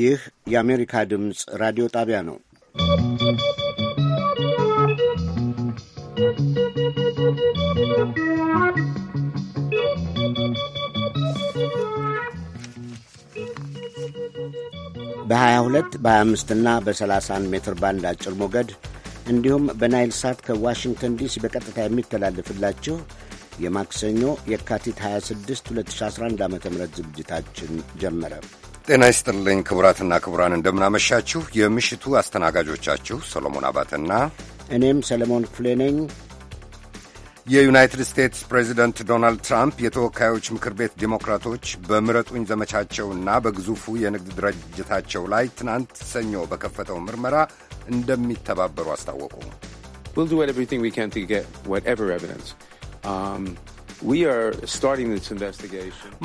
ይህ የአሜሪካ ድምፅ ራዲዮ ጣቢያ ነው። በ22 በ25 እና በ31 ሜትር ባንድ አጭር ሞገድ እንዲሁም በናይል ሳት ከዋሽንግተን ዲሲ በቀጥታ የሚተላልፍላችሁ የማክሰኞ የካቲት 26 2011 ዓ ም ዝግጅታችን ጀመረ። ጤና ይስጥልኝ ክቡራትና ክቡራን፣ እንደምናመሻችሁ። የምሽቱ አስተናጋጆቻችሁ ሰሎሞን አባተና እኔም ሰለሞን ክፍሌ ነኝ። የዩናይትድ ስቴትስ ፕሬዚደንት ዶናልድ ትራምፕ የተወካዮች ምክር ቤት ዴሞክራቶች በምረጡኝ ዘመቻቸውና በግዙፉ የንግድ ድርጅታቸው ላይ ትናንት ሰኞ በከፈተው ምርመራ እንደሚተባበሩ አስታወቁ።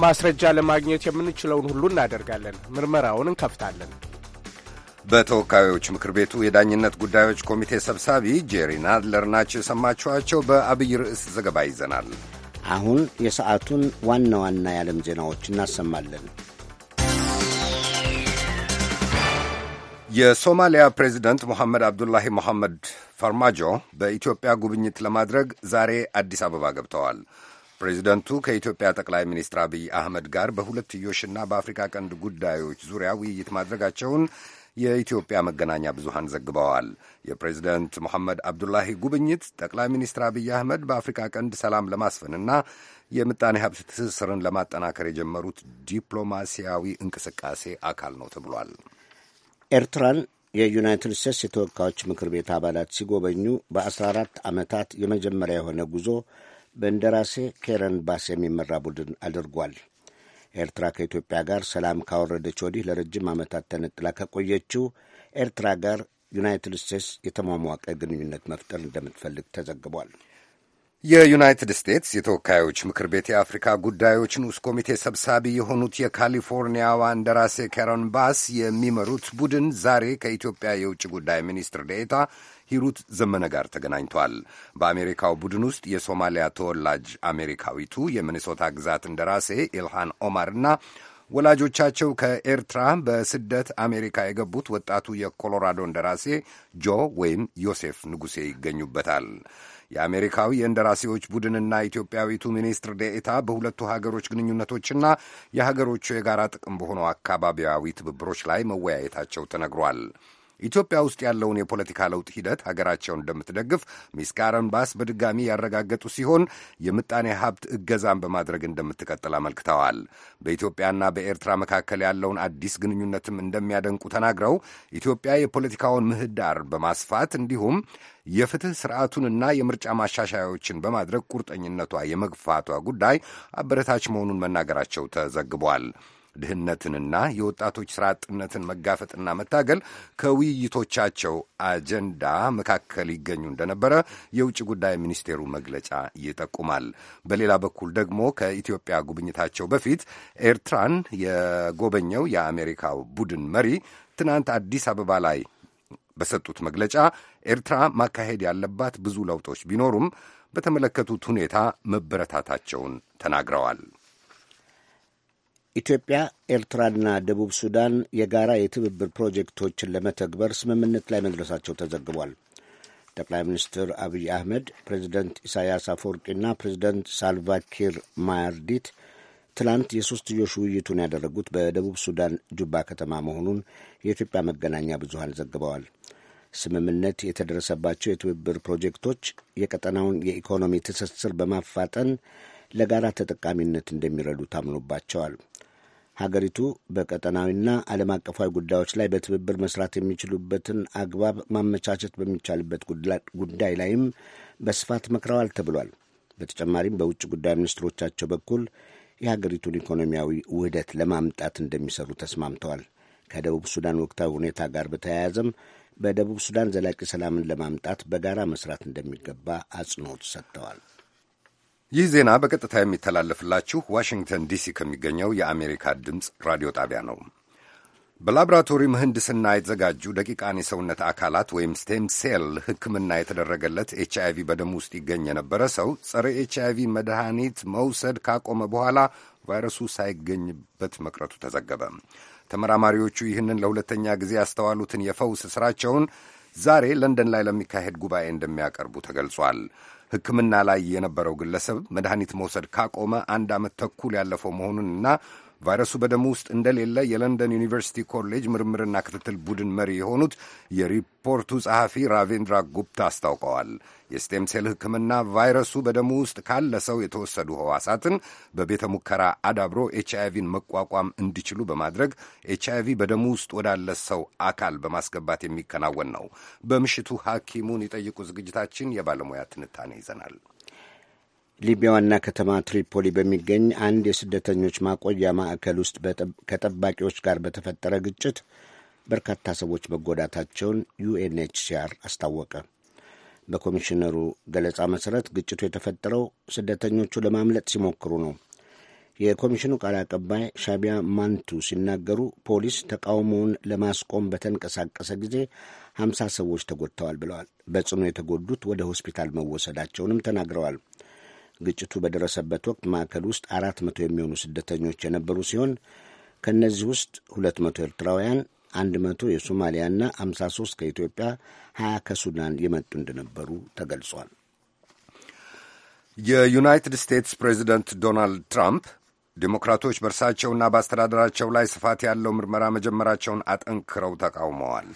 ማስረጃ ለማግኘት የምንችለውን ሁሉ እናደርጋለን። ምርመራውን እንከፍታለን። በተወካዮች ምክር ቤቱ የዳኝነት ጉዳዮች ኮሚቴ ሰብሳቢ ጄሪ ናድለር ናቸው የሰማችኋቸው። በአብይ ርዕስ ዘገባ ይዘናል። አሁን የሰዓቱን ዋና ዋና የዓለም ዜናዎች እናሰማለን። የሶማሊያ ፕሬዚደንት ሞሐመድ አብዱላሂ ሞሐመድ ፈርማጆ በኢትዮጵያ ጉብኝት ለማድረግ ዛሬ አዲስ አበባ ገብተዋል። ፕሬዚደንቱ ከኢትዮጵያ ጠቅላይ ሚኒስትር አብይ አህመድ ጋር በሁለትዮሽና በአፍሪካ ቀንድ ጉዳዮች ዙሪያ ውይይት ማድረጋቸውን የኢትዮጵያ መገናኛ ብዙሃን ዘግበዋል። የፕሬዚደንት ሙሐመድ አብዱላሂ ጉብኝት ጠቅላይ ሚኒስትር አብይ አህመድ በአፍሪካ ቀንድ ሰላም ለማስፈንና የምጣኔ ሀብት ትስስርን ለማጠናከር የጀመሩት ዲፕሎማሲያዊ እንቅስቃሴ አካል ነው ተብሏል። ኤርትራን የዩናይትድ ስቴትስ የተወካዮች ምክር ቤት አባላት ሲጎበኙ በ14 ዓመታት የመጀመሪያ የሆነ ጉዞ በእንደራሴ ኬረን ባስ የሚመራ ቡድን አድርጓል። ኤርትራ ከኢትዮጵያ ጋር ሰላም ካወረደች ወዲህ ለረጅም ዓመታት ተነጥላ ከቆየችው ኤርትራ ጋር ዩናይትድ ስቴትስ የተሟሟቀ ግንኙነት መፍጠር እንደምትፈልግ ተዘግቧል። የዩናይትድ ስቴትስ የተወካዮች ምክር ቤት የአፍሪካ ጉዳዮች ንዑስ ኮሚቴ ሰብሳቢ የሆኑት የካሊፎርኒያዋ እንደራሴ ካሮን ባስ የሚመሩት ቡድን ዛሬ ከኢትዮጵያ የውጭ ጉዳይ ሚኒስትር ዴኤታ ሂሩት ዘመነ ጋር ተገናኝቷል። በአሜሪካው ቡድን ውስጥ የሶማሊያ ተወላጅ አሜሪካዊቱ የሚኒሶታ ግዛት እንደራሴ ኢልሃን ኦማር እና ወላጆቻቸው ከኤርትራ በስደት አሜሪካ የገቡት ወጣቱ የኮሎራዶ እንደራሴ ጆ ወይም ዮሴፍ ንጉሴ ይገኙበታል። የአሜሪካዊ የእንደራሴዎች ቡድንና ኢትዮጵያዊቱ ሚኒስትር ደኤታ በሁለቱ ሀገሮች ግንኙነቶችና የሀገሮቹ የጋራ ጥቅም በሆነው አካባቢያዊ ትብብሮች ላይ መወያየታቸው ተነግሯል። ኢትዮጵያ ውስጥ ያለውን የፖለቲካ ለውጥ ሂደት ሀገራቸውን እንደምትደግፍ ሚስ ካረን ባስ በድጋሚ ያረጋገጡ ሲሆን የምጣኔ ሀብት እገዛን በማድረግ እንደምትቀጥል አመልክተዋል። በኢትዮጵያና በኤርትራ መካከል ያለውን አዲስ ግንኙነትም እንደሚያደንቁ ተናግረው ኢትዮጵያ የፖለቲካውን ምህዳር በማስፋት እንዲሁም የፍትህ ስርዓቱንና የምርጫ ማሻሻያዎችን በማድረግ ቁርጠኝነቷ የመግፋቷ ጉዳይ አበረታች መሆኑን መናገራቸው ተዘግቧል። ድህነትንና የወጣቶች ስራ አጥነትን መጋፈጥና መታገል ከውይይቶቻቸው አጀንዳ መካከል ይገኙ እንደነበረ የውጭ ጉዳይ ሚኒስቴሩ መግለጫ ይጠቁማል። በሌላ በኩል ደግሞ ከኢትዮጵያ ጉብኝታቸው በፊት ኤርትራን የጎበኘው የአሜሪካው ቡድን መሪ ትናንት አዲስ አበባ ላይ በሰጡት መግለጫ ኤርትራ ማካሄድ ያለባት ብዙ ለውጦች ቢኖሩም በተመለከቱት ሁኔታ መበረታታቸውን ተናግረዋል። ኢትዮጵያ ኤርትራና ደቡብ ሱዳን የጋራ የትብብር ፕሮጀክቶችን ለመተግበር ስምምነት ላይ መድረሳቸው ተዘግቧል። ጠቅላይ ሚኒስትር አብይ አህመድ፣ ፕሬዚደንት ኢሳያስ አፈወርቂና ፕሬዚደንት ሳልቫኪር ማያርዲት ትላንት የሦስትዮሽ ውይይቱን ያደረጉት በደቡብ ሱዳን ጁባ ከተማ መሆኑን የኢትዮጵያ መገናኛ ብዙሃን ዘግበዋል። ስምምነት የተደረሰባቸው የትብብር ፕሮጀክቶች የቀጠናውን የኢኮኖሚ ትስስር በማፋጠን ለጋራ ተጠቃሚነት እንደሚረዱ ታምኖባቸዋል። ሀገሪቱ በቀጠናዊና ዓለም አቀፋዊ ጉዳዮች ላይ በትብብር መስራት የሚችሉበትን አግባብ ማመቻቸት በሚቻልበት ጉዳይ ላይም በስፋት መክረዋል ተብሏል። በተጨማሪም በውጭ ጉዳይ ሚኒስትሮቻቸው በኩል የሀገሪቱን ኢኮኖሚያዊ ውህደት ለማምጣት እንደሚሰሩ ተስማምተዋል። ከደቡብ ሱዳን ወቅታዊ ሁኔታ ጋር በተያያዘም በደቡብ ሱዳን ዘላቂ ሰላምን ለማምጣት በጋራ መስራት እንደሚገባ አጽንኦት ሰጥተዋል። ይህ ዜና በቀጥታ የሚተላለፍላችሁ ዋሽንግተን ዲሲ ከሚገኘው የአሜሪካ ድምፅ ራዲዮ ጣቢያ ነው። በላብራቶሪ ምህንድስና የተዘጋጁ ደቂቃን የሰውነት አካላት ወይም ስቴም ሴል ሕክምና የተደረገለት ኤች አይ ቪ በደም ውስጥ ይገኝ የነበረ ሰው ጸረ ኤች አይ ቪ መድኃኒት መውሰድ ካቆመ በኋላ ቫይረሱ ሳይገኝበት መቅረቱ ተዘገበ። ተመራማሪዎቹ ይህንን ለሁለተኛ ጊዜ ያስተዋሉትን የፈውስ ሥራቸውን ዛሬ ለንደን ላይ ለሚካሄድ ጉባኤ እንደሚያቀርቡ ተገልጿል። ሕክምና ላይ የነበረው ግለሰብ መድኃኒት መውሰድ ካቆመ አንድ ዓመት ተኩል ያለፈው መሆኑንና ቫይረሱ በደሙ ውስጥ እንደሌለ የለንደን ዩኒቨርሲቲ ኮሌጅ ምርምርና ክትትል ቡድን መሪ የሆኑት የሪፖርቱ ጸሐፊ ራቬንድራ ጉፕታ አስታውቀዋል። የስቴም ሴል ሕክምና ቫይረሱ በደሙ ውስጥ ካለ ሰው የተወሰዱ ህዋሳትን በቤተ ሙከራ አዳብሮ ኤች አይቪን መቋቋም እንዲችሉ በማድረግ ኤች አይቪ በደሙ ውስጥ ወዳለ ሰው አካል በማስገባት የሚከናወን ነው። በምሽቱ ሐኪሙን ይጠይቁ ዝግጅታችን የባለሙያ ትንታኔ ይዘናል። ሊቢያ ዋና ከተማ ትሪፖሊ በሚገኝ አንድ የስደተኞች ማቆያ ማዕከል ውስጥ ከጠባቂዎች ጋር በተፈጠረ ግጭት በርካታ ሰዎች መጎዳታቸውን ዩኤንኤችሲአር አስታወቀ። በኮሚሽነሩ ገለጻ መሠረት ግጭቱ የተፈጠረው ስደተኞቹ ለማምለጥ ሲሞክሩ ነው። የኮሚሽኑ ቃል አቀባይ ሻቢያ ማንቱ ሲናገሩ ፖሊስ ተቃውሞውን ለማስቆም በተንቀሳቀሰ ጊዜ ሀምሳ ሰዎች ተጎድተዋል ብለዋል። በጽኑ የተጎዱት ወደ ሆስፒታል መወሰዳቸውንም ተናግረዋል። ግጭቱ በደረሰበት ወቅት ማዕከል ውስጥ አራት መቶ የሚሆኑ ስደተኞች የነበሩ ሲሆን ከእነዚህ ውስጥ ሁለት መቶ ኤርትራውያን፣ አንድ መቶ የሶማሊያና አምሳ ሶስት ከኢትዮጵያ፣ ሀያ ከሱዳን የመጡ እንደነበሩ ተገልጿል። የዩናይትድ ስቴትስ ፕሬዚደንት ዶናልድ ትራምፕ ዴሞክራቶች በእርሳቸውና በአስተዳደራቸው ላይ ስፋት ያለው ምርመራ መጀመራቸውን አጠንክረው ተቃውመዋል።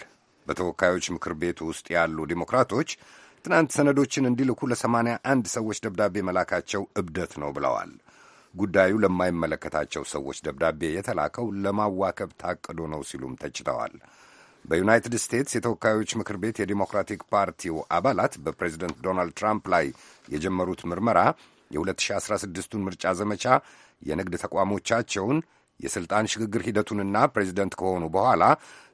በተወካዮች ምክር ቤት ውስጥ ያሉ ዴሞክራቶች ትናንት ሰነዶችን እንዲልኩ ለሰማንያ አንድ ሰዎች ደብዳቤ መላካቸው እብደት ነው ብለዋል። ጉዳዩ ለማይመለከታቸው ሰዎች ደብዳቤ የተላከው ለማዋከብ ታቅዶ ነው ሲሉም ተችተዋል። በዩናይትድ ስቴትስ የተወካዮች ምክር ቤት የዲሞክራቲክ ፓርቲው አባላት በፕሬዚደንት ዶናልድ ትራምፕ ላይ የጀመሩት ምርመራ የ2016ቱን ምርጫ ዘመቻ፣ የንግድ ተቋሞቻቸውን፣ የሥልጣን ሽግግር ሂደቱንና ፕሬዚደንት ከሆኑ በኋላ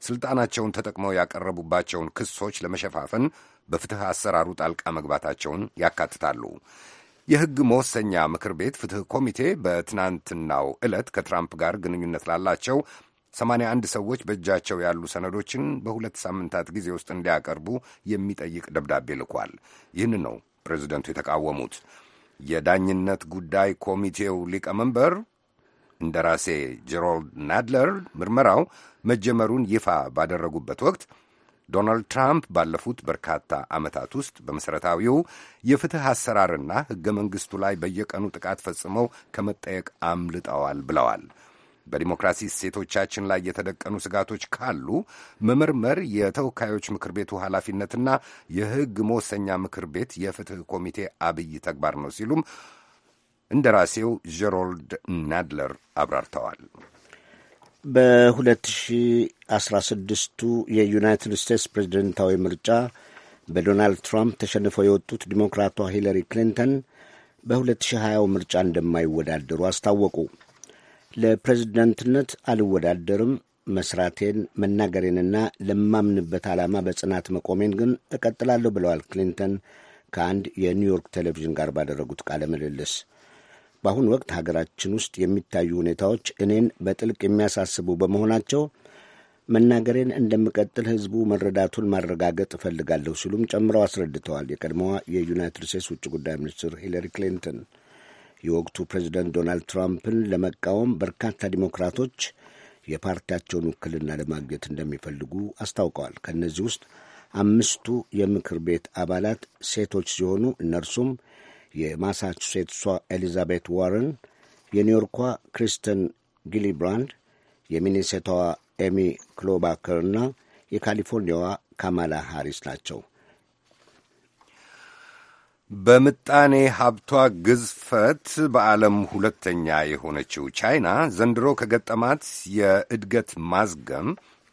ሥልጣናቸውን ተጠቅመው ያቀረቡባቸውን ክሶች ለመሸፋፈን በፍትህ አሰራሩ ጣልቃ መግባታቸውን ያካትታሉ። የሕግ መወሰኛ ምክር ቤት ፍትህ ኮሚቴ በትናንትናው ዕለት ከትራምፕ ጋር ግንኙነት ላላቸው 81 ሰዎች በእጃቸው ያሉ ሰነዶችን በሁለት ሳምንታት ጊዜ ውስጥ እንዲያቀርቡ የሚጠይቅ ደብዳቤ ልኳል። ይህን ነው ፕሬዚደንቱ የተቃወሙት። የዳኝነት ጉዳይ ኮሚቴው ሊቀመንበር እንደራሴ ጄሮልድ ናድለር ምርመራው መጀመሩን ይፋ ባደረጉበት ወቅት ዶናልድ ትራምፕ ባለፉት በርካታ ዓመታት ውስጥ በመሠረታዊው የፍትሕ አሰራርና ሕገ መንግሥቱ ላይ በየቀኑ ጥቃት ፈጽመው ከመጠየቅ አምልጠዋል ብለዋል። በዲሞክራሲ እሴቶቻችን ላይ የተደቀኑ ስጋቶች ካሉ መመርመር የተወካዮች ምክር ቤቱ ኃላፊነትና የሕግ መወሰኛ ምክር ቤት የፍትሕ ኮሚቴ አብይ ተግባር ነው ሲሉም እንደራሴው ጀሮልድ ናድለር አብራርተዋል። በ2016ቱ የዩናይትድ ስቴትስ ፕሬዝደንታዊ ምርጫ በዶናልድ ትራምፕ ተሸንፈው የወጡት ዲሞክራቷ ሂለሪ ክሊንተን በ2020 ምርጫ እንደማይወዳደሩ አስታወቁ። ለፕሬዝደንትነት አልወዳደርም፣ መስራቴን መናገሬንና ለማምንበት ዓላማ በጽናት መቆሜን ግን እቀጥላለሁ ብለዋል ክሊንተን ከአንድ የኒውዮርክ ቴሌቪዥን ጋር ባደረጉት ቃለ ምልልስ። በአሁኑ ወቅት ሀገራችን ውስጥ የሚታዩ ሁኔታዎች እኔን በጥልቅ የሚያሳስቡ በመሆናቸው መናገሬን እንደምቀጥል ህዝቡ መረዳቱን ማረጋገጥ እፈልጋለሁ ሲሉም ጨምረው አስረድተዋል። የቀድሞዋ የዩናይትድ ስቴትስ ውጭ ጉዳይ ሚኒስትር ሂለሪ ክሊንተን የወቅቱ ፕሬዚደንት ዶናልድ ትራምፕን ለመቃወም በርካታ ዲሞክራቶች የፓርቲያቸውን ውክልና ለማግኘት እንደሚፈልጉ አስታውቀዋል። ከእነዚህ ውስጥ አምስቱ የምክር ቤት አባላት ሴቶች ሲሆኑ እነርሱም የማሳቹሴትሷ ኤሊዛቤት ዋረን፣ የኒውዮርኳ ክሪስተን ጊሊብራንድ፣ የሚኒሶታዋ ኤሚ ክሎባከር እና የካሊፎርኒያዋ ካማላ ሃሪስ ናቸው። በምጣኔ ሀብቷ ግዝፈት በዓለም ሁለተኛ የሆነችው ቻይና ዘንድሮ ከገጠማት የእድገት ማዝገም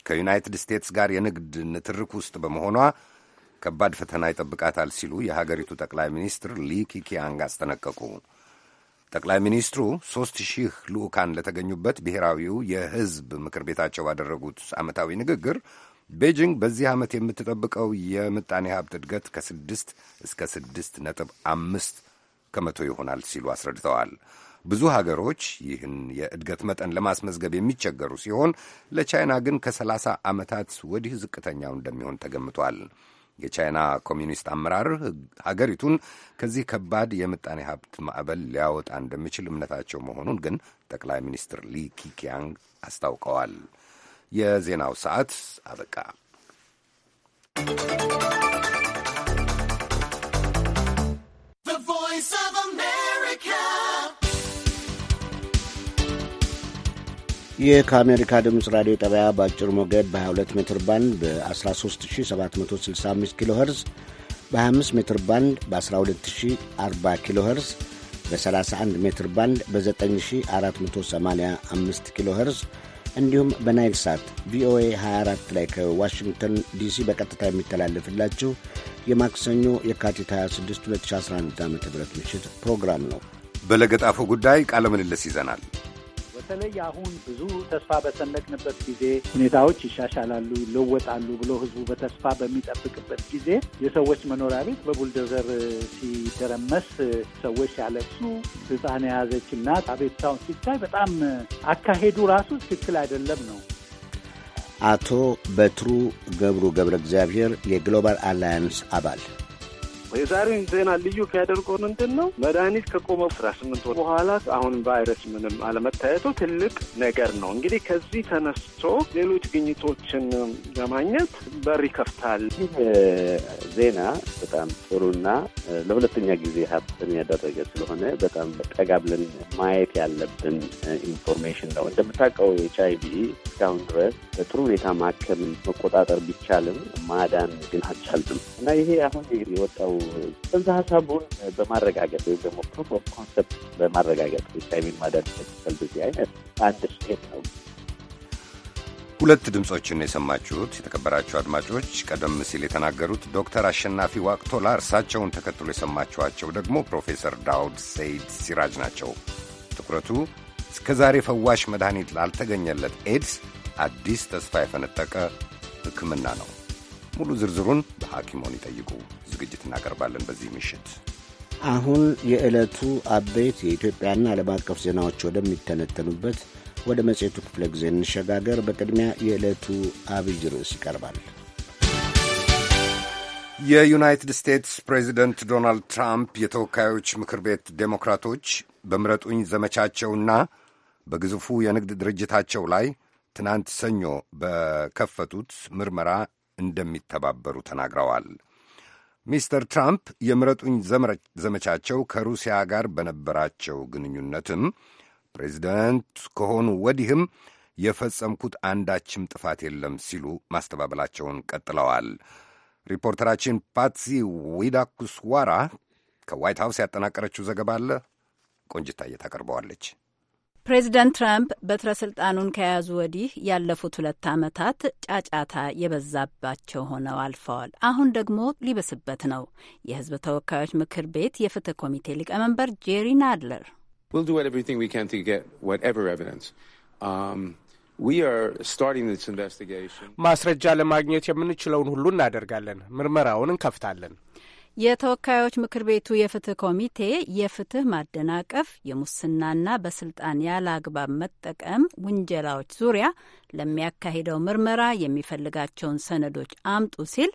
ከዩናይትድ ስቴትስ ጋር የንግድ ንትርክ ውስጥ በመሆኗ ከባድ ፈተና ይጠብቃታል ሲሉ የሀገሪቱ ጠቅላይ ሚኒስትር ኪኪያንግ አስጠነቀቁ። ጠቅላይ ሚኒስትሩ ሦስት ሺህ ልዑካን ለተገኙበት ብሔራዊው የሕዝብ ምክር ቤታቸው ባደረጉት ዓመታዊ ንግግር ቤጂንግ በዚህ ዓመት የምትጠብቀው የምጣኔ ሀብት እድገት ከስድስት እስከ ስድስት ነጥብ አምስት ከመቶ ይሆናል ሲሉ አስረድተዋል። ብዙ ሀገሮች ይህን የእድገት መጠን ለማስመዝገብ የሚቸገሩ ሲሆን ለቻይና ግን ከሰላሳ ዓመታት ወዲህ ዝቅተኛው እንደሚሆን ተገምቷል። የቻይና ኮሚኒስት አመራር ሀገሪቱን ከዚህ ከባድ የምጣኔ ሀብት ማዕበል ሊያወጣ እንደሚችል እምነታቸው መሆኑን ግን ጠቅላይ ሚኒስትር ሊ ኪኪያንግ አስታውቀዋል። የዜናው ሰዓት አበቃ። ይህ ከአሜሪካ ድምፅ ራዲዮ ጣቢያ በአጭር ሞገድ በ22 ሜትር ባንድ በ13765 ኪሎ ኸርዝ በ25 ሜትር ባንድ በ 1240 ኪሎ ኸርዝ በ31 ሜትር ባንድ በ9485 ኪሎ ኸርዝ እንዲሁም በናይል ሳት ቪኦኤ 24 ላይ ከዋሽንግተን ዲሲ በቀጥታ የሚተላለፍላችሁ የማክሰኞ የካቲት 26 2011 ዓ ም ምሽት ፕሮግራም ነው። በለገጣፎ ጉዳይ ቃለ ምልልስ ይዘናል። በተለይ አሁን ብዙ ተስፋ በሰነቅንበት ጊዜ ሁኔታዎች ይሻሻላሉ፣ ይለወጣሉ ብሎ ህዝቡ በተስፋ በሚጠብቅበት ጊዜ የሰዎች መኖሪያ ቤት በቡልደዘር ሲደረመስ ሰዎች ያለሱ ህፃን የያዘች እናት አቤቱታውን ሲታይ በጣም አካሄዱ ራሱ ትክክል አይደለም ነው። አቶ በትሩ ገብሩ ገብረ እግዚአብሔር የግሎባል አላያንስ አባል የዛሬን ዜና ልዩ የሚያደርገው ምንድን ነው? መድኃኒት ከቆመ አስራ ስምንት ወር በኋላ አሁን ቫይረስ ምንም አለመታየቱ ትልቅ ነገር ነው። እንግዲህ ከዚህ ተነስቶ ሌሎች ግኝቶችን ለማግኘት በር ይከፍታል። ይህ ዜና በጣም ጥሩና ለሁለተኛ ጊዜ ሀብትን ያደረገ ስለሆነ በጣም ጠጋ ብለን ማየት ያለብን ኢንፎርሜሽን ነው። እንደምታውቀው ኤች አይ ቪ እስካሁን ድረስ በጥሩ ሁኔታ ማከም መቆጣጠር ቢቻልም ማዳን ግን አልቻልንም እና ይሄ አሁን የወጣው ጽንሰ ሀሳቡን በማረጋገጥ ወይም ደግሞ ፕሩፍ ኦፍ ኮንሰፕት በማረጋገጥ ኤች አይቪ ማዳን መቻል አይነት አንድ ስቴት ነው። ሁለት ድምፆችን የሰማችሁት የተከበራችሁ አድማጮች፣ ቀደም ሲል የተናገሩት ዶክተር አሸናፊ ዋቅቶላ፣ እርሳቸውን ተከትሎ የሰማችኋቸው ደግሞ ፕሮፌሰር ዳውድ ሰይድ ሲራጅ ናቸው። ትኩረቱ እስከ ዛሬ ፈዋሽ መድኃኒት ላልተገኘለት ኤድስ አዲስ ተስፋ የፈነጠቀ ሕክምና ነው። ሙሉ ዝርዝሩን በሐኪሞን ይጠይቁ። ዝግጅት እናቀርባለን። በዚህ ምሽት አሁን የዕለቱ አበይት የኢትዮጵያና ዓለም አቀፍ ዜናዎች ወደሚተነተኑበት ወደ መጽሔቱ ክፍለ ጊዜ እንሸጋገር። በቅድሚያ የዕለቱ አብይ ርዕስ ይቀርባል። የዩናይትድ ስቴትስ ፕሬዚደንት ዶናልድ ትራምፕ የተወካዮች ምክር ቤት ዴሞክራቶች በምረጡኝ ዘመቻቸውና በግዙፉ የንግድ ድርጅታቸው ላይ ትናንት ሰኞ በከፈቱት ምርመራ እንደሚተባበሩ ተናግረዋል። ሚስተር ትራምፕ የምረጡኝ ዘመቻቸው ከሩሲያ ጋር በነበራቸው ግንኙነትም ፕሬዚደንት ከሆኑ ወዲህም የፈጸምኩት አንዳችም ጥፋት የለም ሲሉ ማስተባበላቸውን ቀጥለዋል። ሪፖርተራችን ፓትሲ ዊዳኩስዋራ ከዋይት ሀውስ ያጠናቀረችው ዘገባ አለ ቆንጅታዬ ታቀርበዋለች። ፕሬዚደንት ትራምፕ በትረ ስልጣኑን ከያዙ ወዲህ ያለፉት ሁለት ዓመታት ጫጫታ የበዛባቸው ሆነው አልፈዋል። አሁን ደግሞ ሊበስበት ነው። የህዝብ ተወካዮች ምክር ቤት የፍትህ ኮሚቴ ሊቀመንበር ጄሪ ናድለር um, ማስረጃ ለማግኘት የምንችለውን ሁሉ እናደርጋለን። ምርመራውን እንከፍታለን። የተወካዮች ምክር ቤቱ የፍትህ ኮሚቴ የፍትህ ማደናቀፍ፣ የሙስናና በስልጣን ያለ አግባብ መጠቀም ውንጀላዎች ዙሪያ ለሚያካሂደው ምርመራ የሚፈልጋቸውን ሰነዶች አምጡ ሲል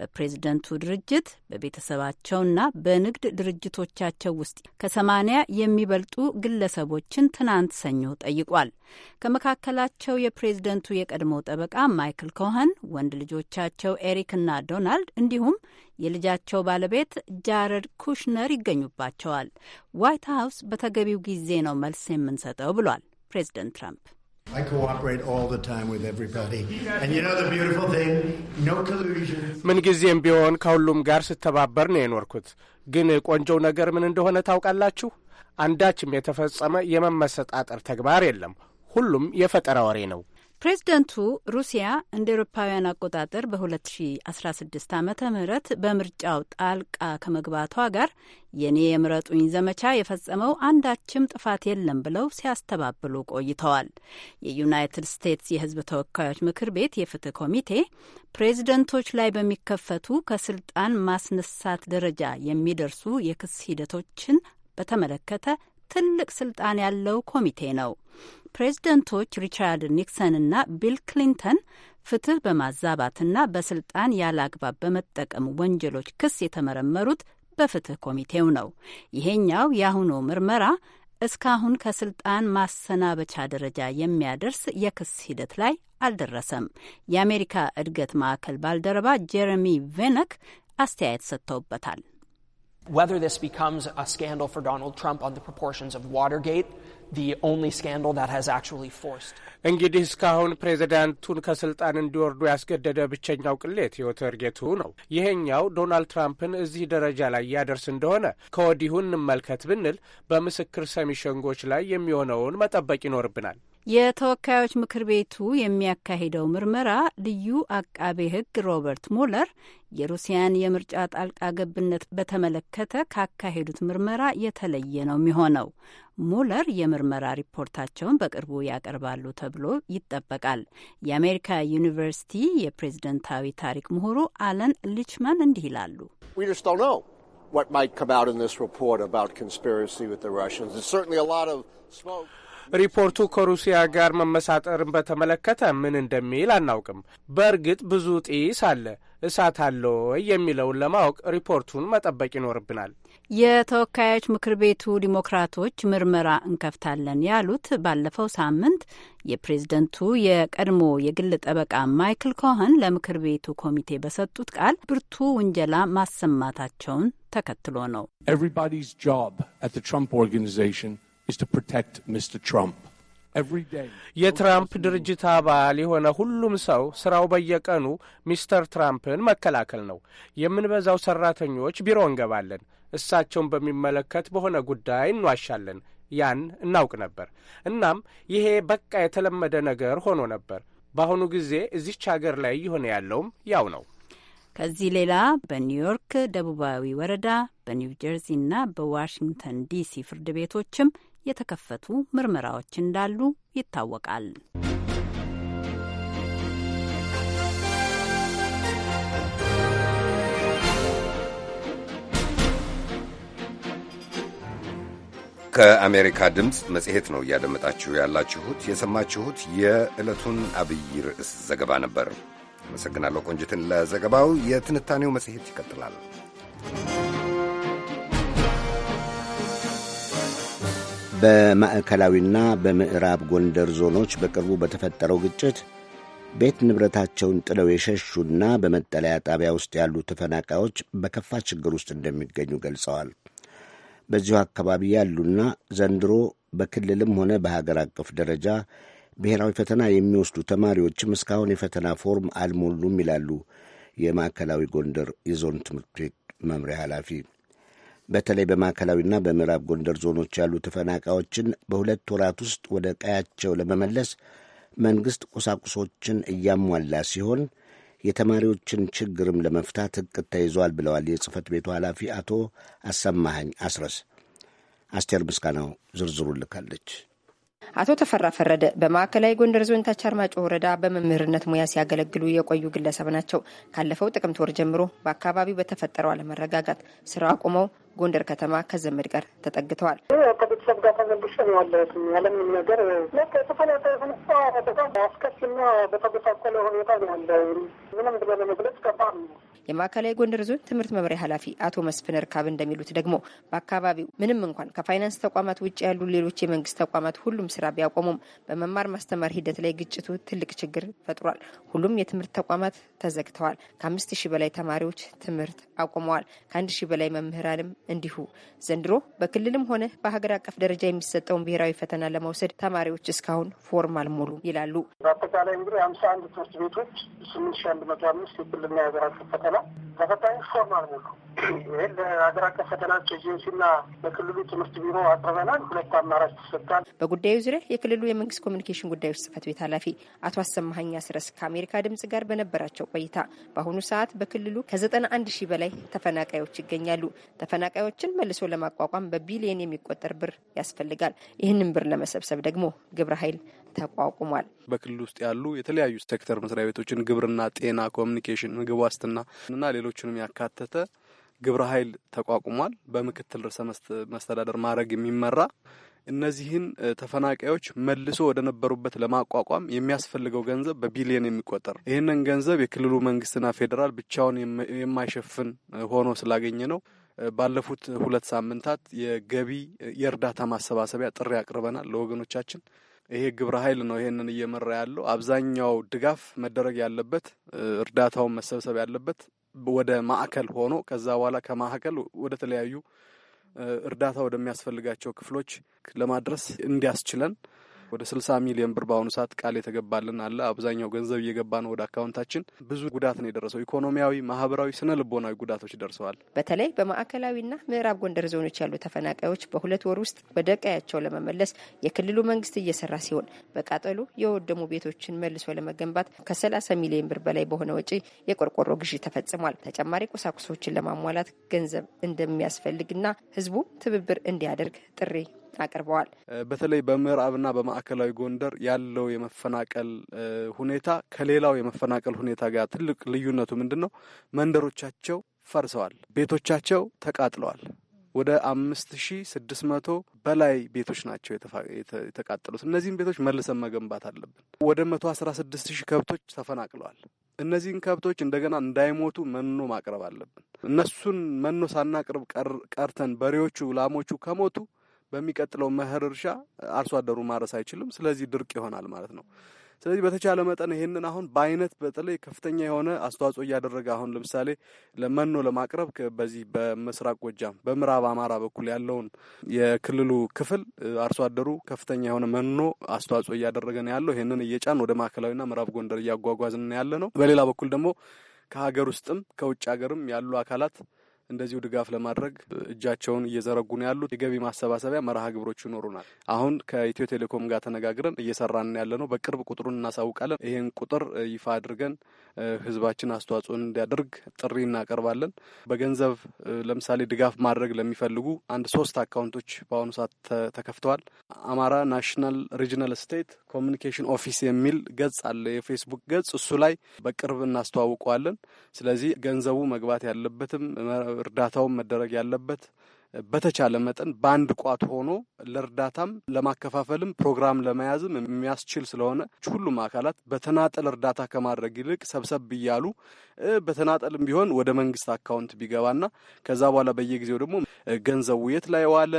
በፕሬዝደንቱ ድርጅት በቤተሰባቸውና በንግድ ድርጅቶቻቸው ውስጥ ከሰማኒያ የሚበልጡ ግለሰቦችን ትናንት ሰኞ ጠይቋል። ከመካከላቸው የፕሬዝደንቱ የቀድሞ ጠበቃ ማይክል ኮኸን፣ ወንድ ልጆቻቸው ኤሪክና ዶናልድ እንዲሁም የልጃቸው ባለቤት ጃረድ ኩሽነር ይገኙባቸዋል። ዋይት ሀውስ በተገቢው ጊዜ ነው መልስ የምንሰጠው ብሏል ፕሬዝደንት ትራምፕ ምንጊዜም ቢሆን ከሁሉም ጋር ስተባበር ነው የኖርኩት። ግን ቆንጆው ነገር ምን እንደሆነ ታውቃላችሁ? አንዳችም የተፈጸመ የመመሰጣጠር ተግባር የለም። ሁሉም የፈጠራ ወሬ ነው። ፕሬዝደንቱ ሩሲያ እንደ ኤሮፓውያን አቆጣጠር በ2016 ዓ ም በምርጫው ጣልቃ ከመግባቷ ጋር የኔ የምረጡኝ ዘመቻ የፈጸመው አንዳችም ጥፋት የለም ብለው ሲያስተባብሉ ቆይተዋል። የዩናይትድ ስቴትስ የሕዝብ ተወካዮች ምክር ቤት የፍትህ ኮሚቴ ፕሬዚደንቶች ላይ በሚከፈቱ ከስልጣን ማስነሳት ደረጃ የሚደርሱ የክስ ሂደቶችን በተመለከተ ትልቅ ስልጣን ያለው ኮሚቴ ነው። ፕሬዝደንቶች ሪቻርድ ኒክሰን እና ቢል ክሊንተን ፍትህ በማዛባትና በስልጣን ያለ አግባብ በመጠቀም ወንጀሎች ክስ የተመረመሩት በፍትህ ኮሚቴው ነው። ይሄኛው የአሁኑ ምርመራ እስካሁን ከስልጣን ማሰናበቻ ደረጃ የሚያደርስ የክስ ሂደት ላይ አልደረሰም። የአሜሪካ እድገት ማዕከል ባልደረባ ጀረሚ ቬነክ አስተያየት ሰጥተውበታል። whether this becomes a scandal for Donald Trump on the proportions of Watergate እንግዲህ እስካሁን ፕሬዚዳንቱን ከስልጣን እንዲወርዱ ያስገደደ ብቸኛው ቅሌት የወተር ጌቱ ነው። ይሄኛው ዶናልድ ትራምፕን እዚህ ደረጃ ላይ ያደርስ እንደሆነ ከወዲሁ እንመልከት ብንል በምስክር ሰሚ ሸንጎች ላይ የሚሆነውን መጠበቅ ይኖርብናል። የተወካዮች ምክር ቤቱ የሚያካሂደው ምርመራ ልዩ አቃቤ ሕግ ሮበርት ሙለር የሩሲያን የምርጫ ጣልቃ ገብነት በተመለከተ ካካሄዱት ምርመራ የተለየ ነው የሚሆነው። ሙለር የምርመራ ሪፖርታቸውን በቅርቡ ያቀርባሉ ተብሎ ይጠበቃል። የአሜሪካ ዩኒቨርሲቲ የፕሬዝደንታዊ ታሪክ ምሁሩ አለን ሊችማን እንዲህ ይላሉ። what might come out in this report about conspiracy with the Russians. It's certainly a lot of smoke. ሪፖርቱ ከሩሲያ ጋር መመሳጠርን በተመለከተ ምን እንደሚል አናውቅም። በእርግጥ ብዙ ጢስ አለ፣ እሳት አለ ወይ የሚለውን ለማወቅ ሪፖርቱን መጠበቅ ይኖርብናል። የተወካዮች ምክር ቤቱ ዲሞክራቶች ምርመራ እንከፍታለን ያሉት ባለፈው ሳምንት የፕሬዝደንቱ የቀድሞ የግል ጠበቃ ማይክል ኮኸን ለምክር ቤቱ ኮሚቴ በሰጡት ቃል ብርቱ ውንጀላ ማሰማታቸውን ተከትሎ ነው። የትራምፕ ድርጅት አባል የሆነ ሁሉም ሰው ሥራው በየቀኑ ሚስተር ትራምፕን መከላከል ነው። የምንበዛው ሠራተኞች ቢሮ እንገባለን፣ እሳቸውን በሚመለከት በሆነ ጉዳይ እንዋሻለን። ያን እናውቅ ነበር። እናም ይሄ በቃ የተለመደ ነገር ሆኖ ነበር። በአሁኑ ጊዜ እዚች አገር ላይ እየሆነ ያለውም ያው ነው። ከዚህ ሌላ በኒውዮርክ ደቡባዊ ወረዳ፣ በኒው ጀርሲ እና በዋሽንግተን ዲሲ ፍርድ ቤቶችም የተከፈቱ ምርመራዎች እንዳሉ ይታወቃል። ከአሜሪካ ድምፅ መጽሔት ነው እያደመጣችሁ ያላችሁት። የሰማችሁት የዕለቱን አብይ ርዕስ ዘገባ ነበር። አመሰግናለሁ ቆንጅትን ለዘገባው። የትንታኔው መጽሔት ይቀጥላል። በማዕከላዊና በምዕራብ ጎንደር ዞኖች በቅርቡ በተፈጠረው ግጭት ቤት ንብረታቸውን ጥለው የሸሹና በመጠለያ ጣቢያ ውስጥ ያሉ ተፈናቃዮች በከፋ ችግር ውስጥ እንደሚገኙ ገልጸዋል። በዚሁ አካባቢ ያሉና ዘንድሮ በክልልም ሆነ በሀገር አቀፍ ደረጃ ብሔራዊ ፈተና የሚወስዱ ተማሪዎችም እስካሁን የፈተና ፎርም አልሞሉም ይላሉ የማዕከላዊ ጎንደር የዞን ትምህርት ቤት መምሪያ ኃላፊ። በተለይ በማዕከላዊና በምዕራብ ጎንደር ዞኖች ያሉ ተፈናቃዮችን በሁለት ወራት ውስጥ ወደ ቀያቸው ለመመለስ መንግሥት ቁሳቁሶችን እያሟላ ሲሆን የተማሪዎችን ችግርም ለመፍታት እቅድ ተይዟል ብለዋል የጽህፈት ቤቱ ኃላፊ አቶ አሰማኸኝ አስረስ። አስቴር ምስጋናው ዝርዝሩ ልካለች። አቶ ተፈራ ፈረደ በማዕከላዊ ጎንደር ዞን ታች አርማጭሆ ወረዳ በመምህርነት ሙያ ሲያገለግሉ የቆዩ ግለሰብ ናቸው። ካለፈው ጥቅምት ወር ጀምሮ በአካባቢው በተፈጠረው አለመረጋጋት ስራ አቁመው ጎንደር ከተማ ከዘመድ ጋር ተጠግተዋል። ከቤተሰብ ጋር ተመልሼ ነው ያለሁት። ያለምንም ነገር በጣም አስከፊና በተጎሳቆለ ሁኔታ ነው ምንም ለመግለጽ ከባድ ነው። የማዕከላዊ ጎንደር ዞን ትምህርት መምሪያ ኃላፊ አቶ መስፍን እርካብ እንደሚሉት ደግሞ በአካባቢው ምንም እንኳን ከፋይናንስ ተቋማት ውጭ ያሉ ሌሎች የመንግስት ተቋማት ሁሉም ስራ ቢያቆሙም በመማር ማስተማር ሂደት ላይ ግጭቱ ትልቅ ችግር ፈጥሯል። ሁሉም የትምህርት ተቋማት ተዘግተዋል። ከአምስት ሺህ በላይ ተማሪዎች ትምህርት አቁመዋል። ከአንድ ሺህ በላይ መምህራንም እንዲሁ ዘንድሮ በክልልም ሆነ በሀገር አቀፍ ደረጃ የሚሰጠውን ብሔራዊ ፈተና ለመውሰድ ተማሪዎች እስካሁን ፎርም አልሞሉም ይላሉ። በአጠቃላይ እንግዲህ ሀምሳ አንድ ትምህርት ቤቶች ስምንት ሺ አንድ መቶ አምስት የክልልና የሀገር አቀፍ ፈተና ተፈታኝ ፎርማል ሙሉ ይህን ለሀገር አቀፍ ፈተናዎች ኤጀንሲና ለክልሉ ትምህርት ቢሮ አቅርበናል። ሁለት አማራጭ ተሰጥቷል። በጉዳዩ ዙሪያ የክልሉ የመንግስት ኮሚኒኬሽን ጉዳዮች ጽህፈት ቤት ኃላፊ አቶ አሰማሀኛ ስረስ ከአሜሪካ ድምጽ ጋር በነበራቸው ቆይታ በአሁኑ ሰዓት በክልሉ ከዘጠና አንድ ሺህ በላይ ተፈናቃዮች ይገኛሉ። ተፈናቃዮችን መልሶ ለማቋቋም በቢሊየን የሚቆጠር ብር ያስፈልጋል። ይህንን ብር ለመሰብሰብ ደግሞ ግብረ ኃይል ተቋቁሟል። በክልል ውስጥ ያሉ የተለያዩ ሴክተር መስሪያ ቤቶችን ግብርና፣ ጤና፣ ኮሚኒኬሽን፣ ምግብ ዋስትና እና ሌሎችንም ያካተተ ግብረ ኃይል ተቋቁሟል። በምክትል ርዕሰ መስተዳደር ማዕረግ የሚመራ እነዚህን ተፈናቃዮች መልሶ ወደ ነበሩበት ለማቋቋም የሚያስፈልገው ገንዘብ በቢሊየን የሚቆጠር ይህንን ገንዘብ የክልሉ መንግስትና ፌዴራል ብቻውን የማይሸፍን ሆኖ ስላገኘ ነው። ባለፉት ሁለት ሳምንታት የገቢ የእርዳታ ማሰባሰቢያ ጥሪ አቅርበናል ለወገኖቻችን። ይሄ ግብረ ኃይል ነው ይሄንን እየመራ ያለው። አብዛኛው ድጋፍ መደረግ ያለበት እርዳታውን መሰብሰብ ያለበት ወደ ማዕከል ሆኖ ከዛ በኋላ ከማዕከል ወደ ተለያዩ እርዳታ ወደሚያስፈልጋቸው ክፍሎች ለማድረስ እንዲያስችለን ወደ 60 ሚሊዮን ብር በአሁኑ ሰዓት ቃል የተገባልን አለ። አብዛኛው ገንዘብ እየገባ ነው ወደ አካውንታችን። ብዙ ጉዳት ነው የደረሰው። ኢኮኖሚያዊ፣ ማህበራዊ፣ ስነ ልቦናዊ ጉዳቶች ደርሰዋል። በተለይ በማዕከላዊና ምዕራብ ጎንደር ዞኖች ያሉ ተፈናቃዮች በሁለት ወር ውስጥ ወደ ቀያቸው ለመመለስ የክልሉ መንግስት እየሰራ ሲሆን በቃጠሎ የወደሙ ቤቶችን መልሶ ለመገንባት ከ30 ሚሊዮን ብር በላይ በሆነ ወጪ የቆርቆሮ ግዢ ተፈጽሟል። ተጨማሪ ቁሳቁሶችን ለማሟላት ገንዘብ እንደሚያስፈልግና ህዝቡ ትብብር እንዲያደርግ ጥሪ አቅርበዋል። በተለይ በምዕራብና በማዕከላዊ ጎንደር ያለው የመፈናቀል ሁኔታ ከሌላው የመፈናቀል ሁኔታ ጋር ትልቅ ልዩነቱ ምንድን ነው? መንደሮቻቸው ፈርሰዋል። ቤቶቻቸው ተቃጥለዋል። ወደ አምስት ሺ ስድስት መቶ በላይ ቤቶች ናቸው የተቃጠሉት። እነዚህም ቤቶች መልሰን መገንባት አለብን። ወደ መቶ አስራ ስድስት ሺህ ከብቶች ተፈናቅለዋል። እነዚህን ከብቶች እንደገና እንዳይሞቱ መኖ ማቅረብ አለብን። እነሱን መኖ ሳናቅርብ ቀርተን በሬዎቹ፣ ላሞቹ ከሞቱ በሚቀጥለው መኸር እርሻ አርሶ አደሩ ማረስ አይችልም። ስለዚህ ድርቅ ይሆናል ማለት ነው። ስለዚህ በተቻለ መጠን ይህንን አሁን በአይነት በተለይ ከፍተኛ የሆነ አስተዋጽኦ እያደረገ አሁን ለምሳሌ ለመኖ ለማቅረብ በዚህ በምስራቅ ጎጃም በምዕራብ አማራ በኩል ያለውን የክልሉ ክፍል አርሶ አደሩ ከፍተኛ የሆነ መኖ አስተዋጽኦ እያደረገ ነው ያለው። ይህንን እየጫን ወደ ማዕከላዊና ምዕራብ ጎንደር እያጓጓዝን ያለ ነው። በሌላ በኩል ደግሞ ከሀገር ውስጥም ከውጭ ሀገርም ያሉ አካላት እንደዚሁ ድጋፍ ለማድረግ እጃቸውን እየዘረጉ ነው ያሉት። የገቢ ማሰባሰቢያ መርሃ ግብሮች ይኖሩናል። አሁን ከኢትዮ ቴሌኮም ጋር ተነጋግረን እየሰራን ያለ ነው። በቅርብ ቁጥሩን እናሳውቃለን። ይህን ቁጥር ይፋ አድርገን ህዝባችን አስተዋጽኦን እንዲያደርግ ጥሪ እናቀርባለን። በገንዘብ ለምሳሌ ድጋፍ ማድረግ ለሚፈልጉ አንድ ሶስት አካውንቶች በአሁኑ ሰዓት ተከፍተዋል። አማራ ናሽናል ሪጅናል ስቴት ኮሚኒኬሽን ኦፊስ የሚል ገጽ አለ፣ የፌስቡክ ገጽ። እሱ ላይ በቅርብ እናስተዋውቀዋለን። ስለዚህ ገንዘቡ መግባት ያለበትም እርዳታውም መደረግ ያለበት በተቻለ መጠን በአንድ ቋት ሆኖ ለእርዳታም ለማከፋፈልም ፕሮግራም ለመያዝም የሚያስችል ስለሆነ ሁሉም አካላት በተናጠል እርዳታ ከማድረግ ይልቅ ሰብሰብ እያሉ በተናጠልም ቢሆን ወደ መንግስት አካውንት ቢገባና ከዛ በኋላ በየጊዜው ደግሞ ገንዘቡ የት ላይ ዋለ፣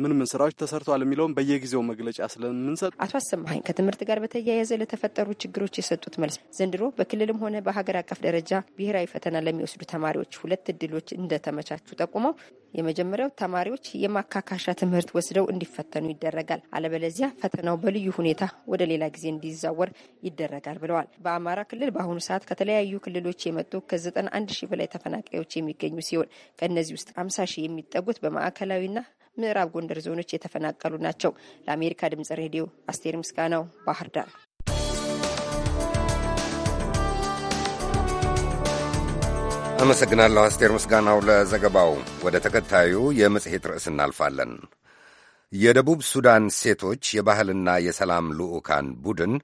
ምን ምን ስራዎች ተሰርተዋል የሚለውን በየጊዜው መግለጫ ስለምንሰጥ አቶ አሰማሀኝ ከትምህርት ጋር በተያያዘ ለተፈጠሩ ችግሮች የሰጡት መልስ ዘንድሮ በክልልም ሆነ በሀገር አቀፍ ደረጃ ብሔራዊ ፈተና ለሚወስዱ ተማሪዎች ሁለት እድሎች እንደተመቻቹ ጠቁመው የመጀመሪያው ተማሪዎች የማካካሻ ትምህርት ወስደው እንዲፈተኑ ይደረጋል። አለበለዚያ ፈተናው በልዩ ሁኔታ ወደ ሌላ ጊዜ እንዲዛወር ይደረጋል ብለዋል። በአማራ ክልል በአሁኑ ሰዓት ከተለያዩ ክልሎች የመጡ ከ91 ሺህ በላይ ተፈናቃዮች የሚገኙ ሲሆን ከእነዚህ ውስጥ 50 ሺህ የሚጠጉት በማዕከላዊና ምዕራብ ጎንደር ዞኖች የተፈናቀሉ ናቸው። ለአሜሪካ ድምጽ ሬዲዮ አስቴር ምስጋናው ባህር ዳር። አመሰግናለሁ አስቴር ምስጋናው ለዘገባው። ወደ ተከታዩ የመጽሔት ርዕስ እናልፋለን። የደቡብ ሱዳን ሴቶች የባህልና የሰላም ልዑካን ቡድን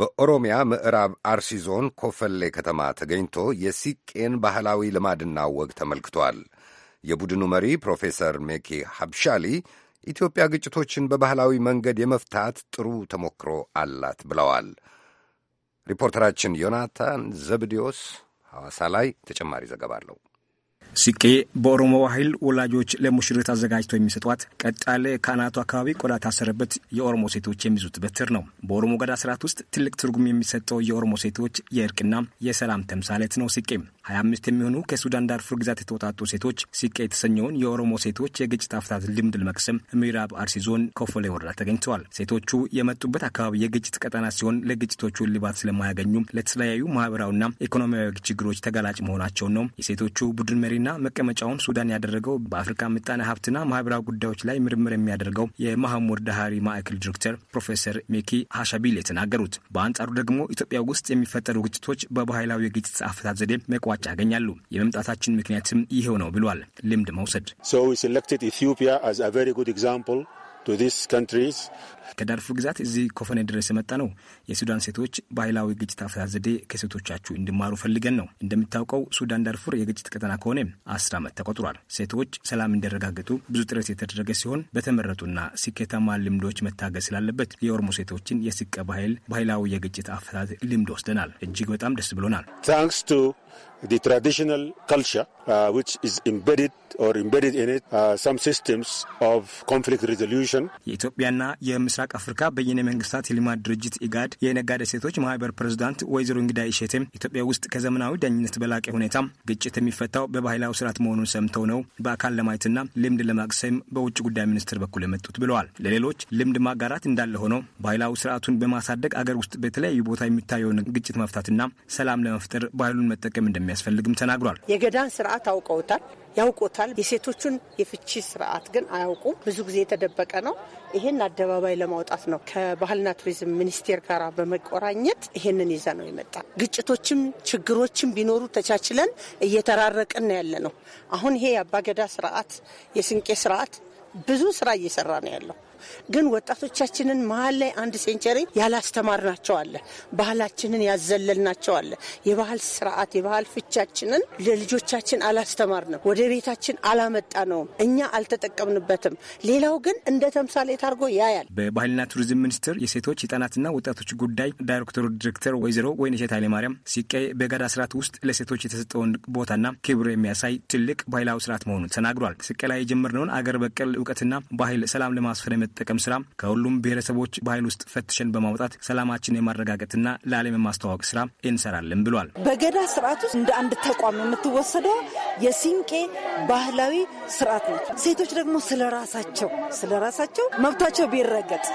በኦሮሚያ ምዕራብ አርሲ ዞን ኮፈሌ ከተማ ተገኝቶ የሲቄን ባህላዊ ልማድና ወግ ተመልክቷል። የቡድኑ መሪ ፕሮፌሰር ሜኪ ሀብሻሊ ኢትዮጵያ ግጭቶችን በባህላዊ መንገድ የመፍታት ጥሩ ተሞክሮ አላት ብለዋል። ሪፖርተራችን ዮናታን ዘብዲዮስ ሐዋሳ ላይ ተጨማሪ ዘገባ አለው። ሲቄ በኦሮሞ ባህል ወላጆች ለሙሽሪት አዘጋጅቶ የሚሰጧት ቀጣለ ከአናቱ አካባቢ ቆዳ ታሰረበት የኦሮሞ ሴቶች የሚይዙት በትር ነው። በኦሮሞ ገዳ ስርዓት ውስጥ ትልቅ ትርጉም የሚሰጠው የኦሮሞ ሴቶች የእርቅና የሰላም ተምሳሌት ነው። ሲቄ 25 የሚሆኑ ከሱዳን ዳርፉር ግዛት የተወጣጡ ሴቶች ሲቄ የተሰኘውን የኦሮሞ ሴቶች የግጭት አፍታት ልምድ ለመቅሰም ምዕራብ አርሲ ዞን ኮፈሌ ወረዳ ተገኝተዋል። ሴቶቹ የመጡበት አካባቢ የግጭት ቀጠና ሲሆን ለግጭቶቹ እልባት ስለማያገኙ ለተለያዩ ማህበራዊና ኢኮኖሚያዊ ችግሮች ተጋላጭ መሆናቸው ነው የሴቶቹ ቡድን መሪና እና መቀመጫውን ሱዳን ያደረገው በአፍሪካ ምጣኔ ሀብትና ማህበራዊ ጉዳዮች ላይ ምርምር የሚያደርገው የማህሙድ ዳሃሪ ማዕከል ዲሬክተር ፕሮፌሰር ሜኪ ሀሻቢል የተናገሩት። በአንጻሩ ደግሞ ኢትዮጵያ ውስጥ የሚፈጠሩ ግጭቶች በባህላዊ የግጭት አፈታት ዘዴ መቋጫ ያገኛሉ። የመምጣታችን ምክንያትም ይሄው ነው ብሏል። ልምድ መውሰድ ከዳርፉ ግዛት እዚህ ኮፈኔ ድረስ የመጣ ነው። የሱዳን ሴቶች ባህላዊ ግጭት አፈታት ዘዴ ከሴቶቻችሁ እንዲማሩ ፈልገን ነው። እንደምታውቀው ሱዳን ዳርፉር የግጭት ቀጠና ከሆነ አስር ዓመት ተቆጥሯል። ሴቶች ሰላም እንዲረጋግጡ ብዙ ጥረት የተደረገ ሲሆን በተመረጡና ስኬታማ ልምዶች መታገዝ ስላለበት የኦሮሞ ሴቶችን የስቀ ባህል ባህላዊ የግጭት አፈታት ልምድ ወስደናል። እጅግ በጣም ደስ ብሎናል። ታንክስ ቱ the traditional culture uh, which is embedded or embedded in it uh, some systems of conflict resolution የኢትዮጵያና የምስራቅ አፍሪካ በየነ መንግስታት የልማት ድርጅት ኢጋድ የነጋዴ ሴቶች ማህበር ፕሬዚዳንት ወይዘሮ እንግዳ ይሸቴም ኢትዮጵያ ውስጥ ከዘመናዊ ዳኝነት በላቀ ሁኔታ ግጭት የሚፈታው በባህላዊ ስርዓት መሆኑን ሰምተው ነው በአካል ለማየትና ልምድ ለማቅሰም በውጭ ጉዳይ ሚኒስትር በኩል የመጡት ብለዋል። ለሌሎች ልምድ ማጋራት እንዳለ ሆኖ ባህላዊ ስርዓቱን በማሳደግ አገር ውስጥ በተለያዩ ቦታ የሚታየውን ግጭት መፍታትና ሰላም ለመፍጠር ባህሉን መጠቀም እንደሚያ እንደሚያስፈልግም ተናግሯል። የገዳን ስርዓት አውቀውታል ያውቁታል። የሴቶቹን የፍቺ ስርዓት ግን አያውቁም። ብዙ ጊዜ የተደበቀ ነው። ይህን አደባባይ ለማውጣት ነው ከባህልና ቱሪዝም ሚኒስቴር ጋር በመቆራኘት ይህንን ይዘ ነው የመጣ። ግጭቶችም ችግሮችም ቢኖሩ ተቻችለን እየተራረቅን ያለ ነው። አሁን ይሄ የአባገዳ ስርዓት የስንቄ ስርዓት ብዙ ስራ እየሰራ ነው ያለው። ግን ወጣቶቻችንን መሀል ላይ አንድ ሴንቸሪ ያላስተማርናቸው አለ። ባህላችንን ያዘለልናቸው አለ። የባህል ስርዓት የባህል ፍቻችንን ለልጆቻችን አላስተማርንም። ወደ ቤታችን አላመጣ ነውም። እኛ አልተጠቀምንበትም። ሌላው ግን እንደ ተምሳሌ ታርጎ ያያል። በባህልና ቱሪዝም ሚኒስቴር የሴቶች ህጻናትና ወጣቶች ጉዳይ ዳይሬክተሩ ዲሬክተር ወይዘሮ ወይነሸት ኃይለማርያም ሲቀይ በጋዳ ስርዓት ውስጥ ለሴቶች የተሰጠውን ቦታና ክብር የሚያሳይ ትልቅ ባህላዊ ስርዓት መሆኑን ተናግሯል። ስቀላ የጀመርነውን አገር በቀል እውቀትና ባህል ሰላም ለማስፈር የመጣ የመጠቀም ስራ ከሁሉም ብሔረሰቦች ባህል ውስጥ ፈትሸን በማውጣት ሰላማችን የማረጋገጥና ለዓለም የማስተዋወቅ ስራ እንሰራለን ብሏል። በገዳ ስርዓት ውስጥ እንደ አንድ ተቋም የምትወሰደው የሲንቄ ባህላዊ ስርዓት ነች። ሴቶች ደግሞ ስለ ራሳቸው ስለ ራሳቸው መብታቸው ቢረገጥ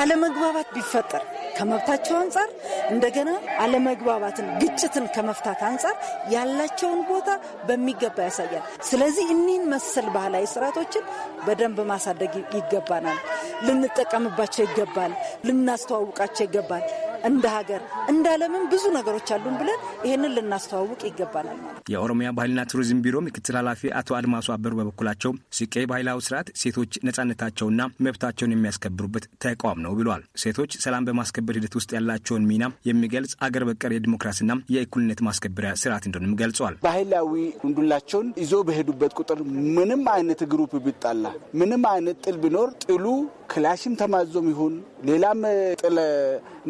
አለመግባባት ቢፈጠር ከመብታቸው አንጻር እንደገና አለመግባባትን፣ ግጭትን ከመፍታት አንጻር ያላቸውን ቦታ በሚገባ ያሳያል። ስለዚህ እኒህን መሰል ባህላዊ ስርዓቶችን በደንብ ማሳደግ ይገባናል፣ ልንጠቀምባቸው ይገባል፣ ልናስተዋውቃቸው ይገባል። እንደ ሀገር እንደ ዓለምም ብዙ ነገሮች አሉን ብለን ይህንን ልናስተዋውቅ ይገባናል ማለት። የኦሮሚያ ባህልና ቱሪዝም ቢሮ ምክትል ኃላፊ አቶ አድማሱ አበሩ በበኩላቸው ሲቄ ባህላዊ ስርዓት ሴቶች ነጻነታቸውና መብታቸውን የሚያስከብሩበት ተቋም ነው ብሏል። ሴቶች ሰላም በማስከበር ሂደት ውስጥ ያላቸውን ሚና የሚገልጽ አገር በቀር የዲሞክራሲና የእኩልነት ማስከበሪያ ስርዓት እንደሆንም ገልጿል። ባህላዊ እንዱላቸውን ይዞ በሄዱበት ቁጥር ምንም አይነት ግሩፕ ቢጣላ ምንም አይነት ጥል ቢኖር ጥሉ ክላሽም ተማዞም ይሁን ሌላም ጥለ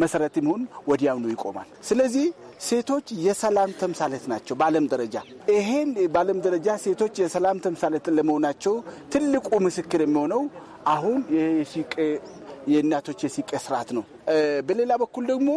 መሰረት ይሁን ወዲያውኑ ይቆማል። ስለዚህ ሴቶች የሰላም ተምሳሌት ናቸው በዓለም ደረጃ። ይሄን በዓለም ደረጃ ሴቶች የሰላም ተምሳሌት ለመሆናቸው ትልቁ ምስክር የሚሆነው አሁን የእናቶች የሲቄ ስርዓት ነው። በሌላ በኩል ደግሞ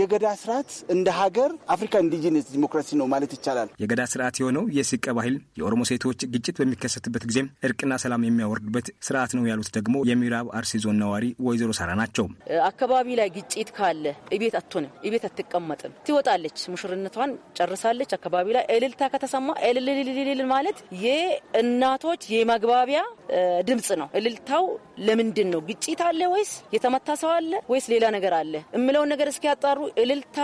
የገዳ ስርዓት እንደ ሀገር አፍሪካ ኢንዲጂነስ ዲሞክራሲ ነው ማለት ይቻላል። የገዳ ስርዓት የሆነው የሲቀ ባህል የኦሮሞ ሴቶች ግጭት በሚከሰትበት ጊዜ እርቅና ሰላም የሚያወርዱበት ስርዓት ነው ያሉት ደግሞ የምዕራብ አርሲ ዞን ነዋሪ ወይዘሮ ሳራ ናቸው። አካባቢ ላይ ግጭት ካለ እቤት አትሆንም፣ እቤት አትቀመጥም፣ ትወጣለች። ሙሽርነቷን ጨርሳለች። አካባቢ ላይ እልልታ ከተሰማ እልልልልል ማለት የእናቶች የማግባቢያ ድምጽ ነው። እልልታው ለምንድን ነው? ግጭት አለ ወይስ የተመታ ሰው አለ ወይስ ሌላ ነገር አለ እምለውን ነገር እስኪያጣሩ እልልታ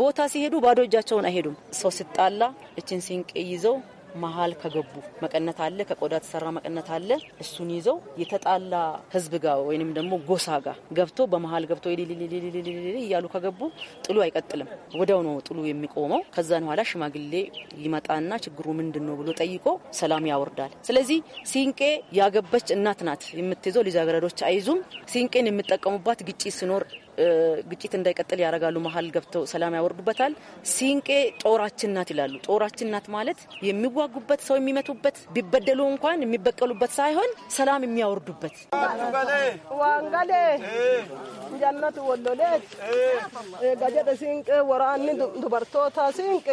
ቦታ ሲሄዱ ባዶ እጃቸውን አይሄዱም። ሰው ሲጣላ እችን ሲንቅ ይዘው መሀል ከገቡ መቀነት አለ፣ ከቆዳ የተሰራ መቀነት አለ። እሱን ይዘው የተጣላ ህዝብ ጋር ወይንም ደግሞ ጎሳ ጋር ገብቶ በመሀል ገብቶ እያሉ ከገቡ ጥሉ አይቀጥልም። ወዲያው ነው ጥሉ የሚቆመው። ከዛን ኋላ ሽማግሌ ይመጣና ችግሩ ምንድን ነው ብሎ ጠይቆ ሰላም ያወርዳል። ስለዚህ ሲንቄ ያገበች እናት ናት የምትይዘው። ልጃገረዶች አይዙም። ሲንቄን የምጠቀሙባት ግጭት ሲኖር ግጭት እንዳይቀጥል ያደርጋሉ። መሀል ገብተው ሰላም ያወርዱበታል። ሲንቄ ጦራችን ናት ይላሉ። ጦራችን ናት ማለት የሚዋጉበት ሰው የሚመቱበት ቢበደሉ እንኳን የሚበቀሉበት ሳይሆን ሰላም የሚያወርዱበት ዋንጋሌ ጀነት ወሎሌት ገጀደ ሲንቄ ወራኒ ዱበርቶታ ሲንቄ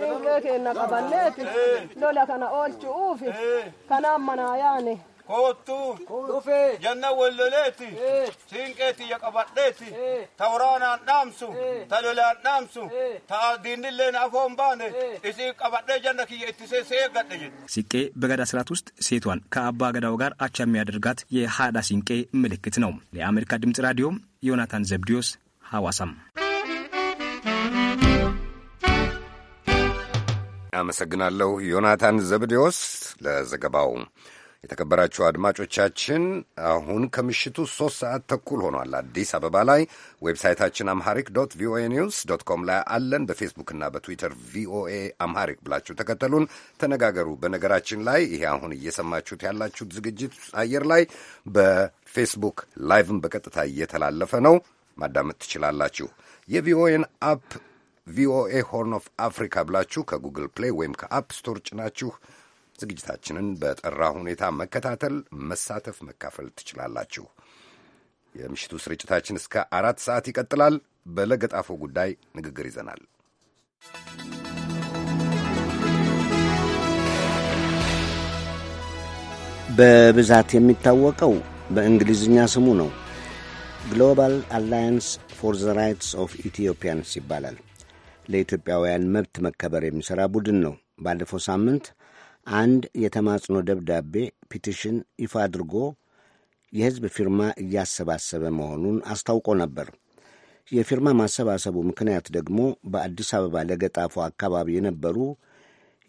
ሲንቄ ኬና ሎላ ከና ኡፊ ከና መናያኔ koottuu janna wolloleeti siinqeeti yaqabadheeti tawraanaan dhaamsu ta lolaan dhaamsu ta diinilleen afoon baane isii qabadhee janna kiyya ittisee seegadhe jedhe ሲንቄ በገዳ ስርዓት ውስጥ ሴቷን ከአባ ገዳው ጋር አቻ የሚያደርጋት የሀዳ ሲንቄ ምልክት ነው። ለአሜሪካ ድምፅ ራዲዮ ዮናታን ዘብዲዮስ ሐዋሳም አመሰግናለሁ ዮናታን ዘብዲዮስ ለዘገባው። የተከበራችሁ አድማጮቻችን አሁን ከምሽቱ ሶስት ሰዓት ተኩል ሆኗል። አዲስ አበባ ላይ ዌብሳይታችን አምሃሪክ ዶት ቪኦኤ ኒውስ ዶት ኮም ላይ አለን። በፌስቡክና በትዊተር ቪኦኤ አምሃሪክ ብላችሁ ተከተሉን፣ ተነጋገሩ። በነገራችን ላይ ይሄ አሁን እየሰማችሁት ያላችሁት ዝግጅት አየር ላይ በፌስቡክ ላይቭም በቀጥታ እየተላለፈ ነው። ማዳመጥ ትችላላችሁ። የቪኦኤን አፕ ቪኦኤ ሆርን ኦፍ አፍሪካ ብላችሁ ከጉግል ፕሌይ ወይም ከአፕ ስቶር ጭናችሁ ዝግጅታችንን በጠራ ሁኔታ መከታተል፣ መሳተፍ፣ መካፈል ትችላላችሁ። የምሽቱ ስርጭታችን እስከ አራት ሰዓት ይቀጥላል። በለገጣፎ ጉዳይ ንግግር ይዘናል። በብዛት የሚታወቀው በእንግሊዝኛ ስሙ ነው። ግሎባል አላያንስ ፎር ዘ ራይትስ ኦፍ ኢትዮጵያንስ ይባላል። ለኢትዮጵያውያን መብት መከበር የሚሠራ ቡድን ነው። ባለፈው ሳምንት አንድ የተማጽኖ ደብዳቤ ፒቲሽን ይፋ አድርጎ የሕዝብ ፊርማ እያሰባሰበ መሆኑን አስታውቆ ነበር። የፊርማ ማሰባሰቡ ምክንያት ደግሞ በአዲስ አበባ ለገጣፎ አካባቢ የነበሩ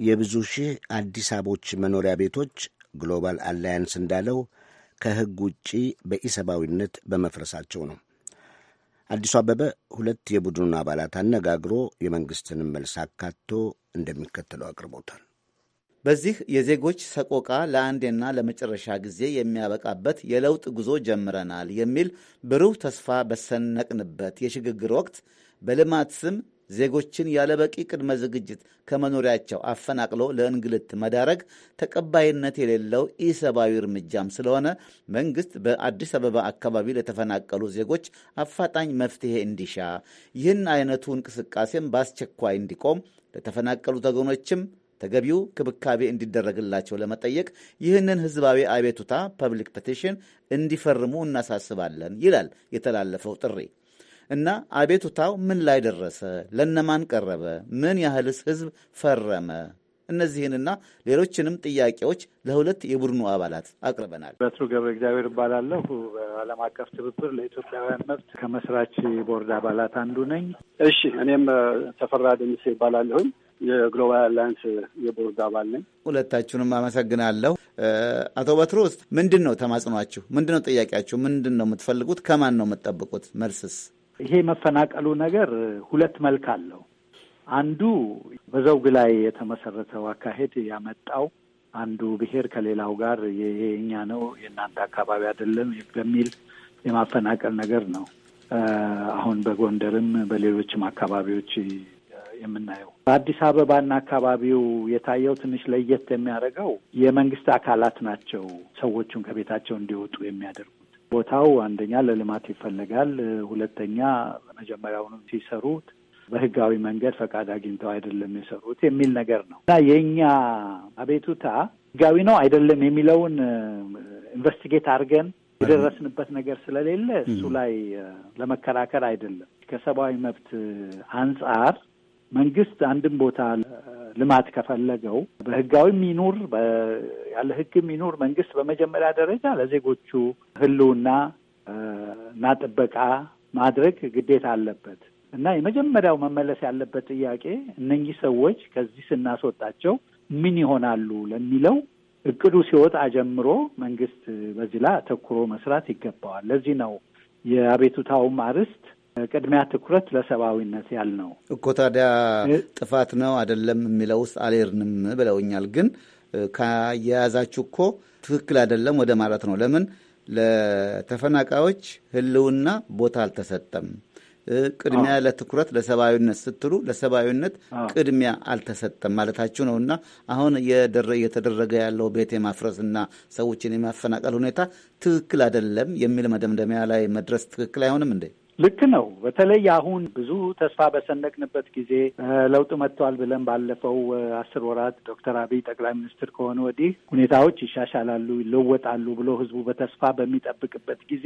የብዙ ሺህ አዲስ አበቦች መኖሪያ ቤቶች ግሎባል አላያንስ እንዳለው ከሕግ ውጪ በኢሰብአዊነት በመፍረሳቸው ነው። አዲሱ አበበ ሁለት የቡድኑን አባላት አነጋግሮ የመንግሥትንም መልስ አካቶ እንደሚከተለው አቅርቦታል። በዚህ የዜጎች ሰቆቃ ለአንዴና ለመጨረሻ ጊዜ የሚያበቃበት የለውጥ ጉዞ ጀምረናል የሚል ብሩህ ተስፋ በሰነቅንበት የሽግግር ወቅት በልማት ስም ዜጎችን ያለበቂ ቅድመ ዝግጅት ከመኖሪያቸው አፈናቅሎ ለእንግልት መዳረግ ተቀባይነት የሌለው ኢሰብአዊ እርምጃም ስለሆነ መንግስት በአዲስ አበባ አካባቢ ለተፈናቀሉ ዜጎች አፋጣኝ መፍትሄ እንዲሻ፣ ይህን አይነቱ እንቅስቃሴም በአስቸኳይ እንዲቆም ለተፈናቀሉት ወገኖችም ተገቢው ክብካቤ እንዲደረግላቸው ለመጠየቅ ይህንን ህዝባዊ አቤቱታ ፐብሊክ ፔቲሽን እንዲፈርሙ እናሳስባለን ይላል የተላለፈው ጥሪ። እና አቤቱታው ምን ላይ ደረሰ? ለነማን ቀረበ? ምን ያህልስ ህዝብ ፈረመ? እነዚህንና ሌሎችንም ጥያቄዎች ለሁለት የቡድኑ አባላት አቅርበናል። በትሩ ገብረ እግዚአብሔር እባላለሁ። በዓለም አቀፍ ትብብር ለኢትዮጵያውያን መብት ከመስራች ቦርድ አባላት አንዱ ነኝ። እሺ፣ እኔም ተፈራ ደምሴ እባላለሁኝ። የግሎባል አላያንስ የቦርድ አባል ነኝ። ሁለታችሁንም አመሰግናለሁ። አቶ በትሮስ ምንድን ነው ተማጽኗችሁ? ምንድን ነው ጥያቄያችሁ? ምንድን ነው የምትፈልጉት? ከማን ነው የምትጠብቁት? መልስስ? ይሄ መፈናቀሉ ነገር ሁለት መልክ አለው። አንዱ በዘውግ ላይ የተመሰረተው አካሄድ ያመጣው አንዱ ብሔር ከሌላው ጋር ይሄ ነው የእናንተ አካባቢ አይደለም በሚል የማፈናቀል ነገር ነው። አሁን በጎንደርም በሌሎችም አካባቢዎች የምናየው በአዲስ አበባና አካባቢው የታየው ትንሽ ለየት የሚያደርገው የመንግስት አካላት ናቸው ሰዎቹን ከቤታቸው እንዲወጡ የሚያደርጉት። ቦታው አንደኛ ለልማት ይፈለጋል፣ ሁለተኛ መጀመሪያውንም ሲሰሩት በህጋዊ መንገድ ፈቃድ አግኝተው አይደለም የሰሩት የሚል ነገር ነው እና የእኛ አቤቱታ ህጋዊ ነው አይደለም የሚለውን ኢንቨስቲጌት አድርገን የደረስንበት ነገር ስለሌለ እሱ ላይ ለመከራከር አይደለም ከሰብአዊ መብት አንጻር መንግስት አንድም ቦታ ልማት ከፈለገው በህጋዊም ይኑር ያለ ህግም ይኑር መንግስት በመጀመሪያ ደረጃ ለዜጎቹ ህልውና እና ጥበቃ ማድረግ ግዴታ አለበት እና የመጀመሪያው መመለስ ያለበት ጥያቄ እነኚህ ሰዎች ከዚህ ስናስወጣቸው ምን ይሆናሉ ለሚለው እቅዱ ሲወጣ ጀምሮ መንግስት በዚህ ላይ አተኩሮ መስራት ይገባዋል። ለዚህ ነው የአቤቱታውም አርዕስት ቅድሚያ ትኩረት ለሰብአዊነት ነው እኮ ታዲያ ጥፋት ነው አይደለም የሚለው ውስጥ አልሄድንም ብለውኛል። ግን ካያያዛችሁ እኮ ትክክል አይደለም ወደ ማለት ነው። ለምን ለተፈናቃዮች ህልውና ቦታ አልተሰጠም። ቅድሚያ ለትኩረት ለሰብአዊነት ስትሉ ለሰብአዊነት ቅድሚያ አልተሰጠም ማለታችሁ ነው። እና አሁን እየተደረገ ያለው ቤት የማፍረስና ሰዎችን የማፈናቀል ሁኔታ ትክክል አይደለም የሚል መደምደሚያ ላይ መድረስ ትክክል አይሆንም እንዴ? ልክ ነው። በተለይ አሁን ብዙ ተስፋ በሰነቅንበት ጊዜ ለውጥ መጥቷል ብለን ባለፈው አስር ወራት ዶክተር አብይ ጠቅላይ ሚኒስትር ከሆነ ወዲህ ሁኔታዎች ይሻሻላሉ፣ ይለወጣሉ ብሎ ህዝቡ በተስፋ በሚጠብቅበት ጊዜ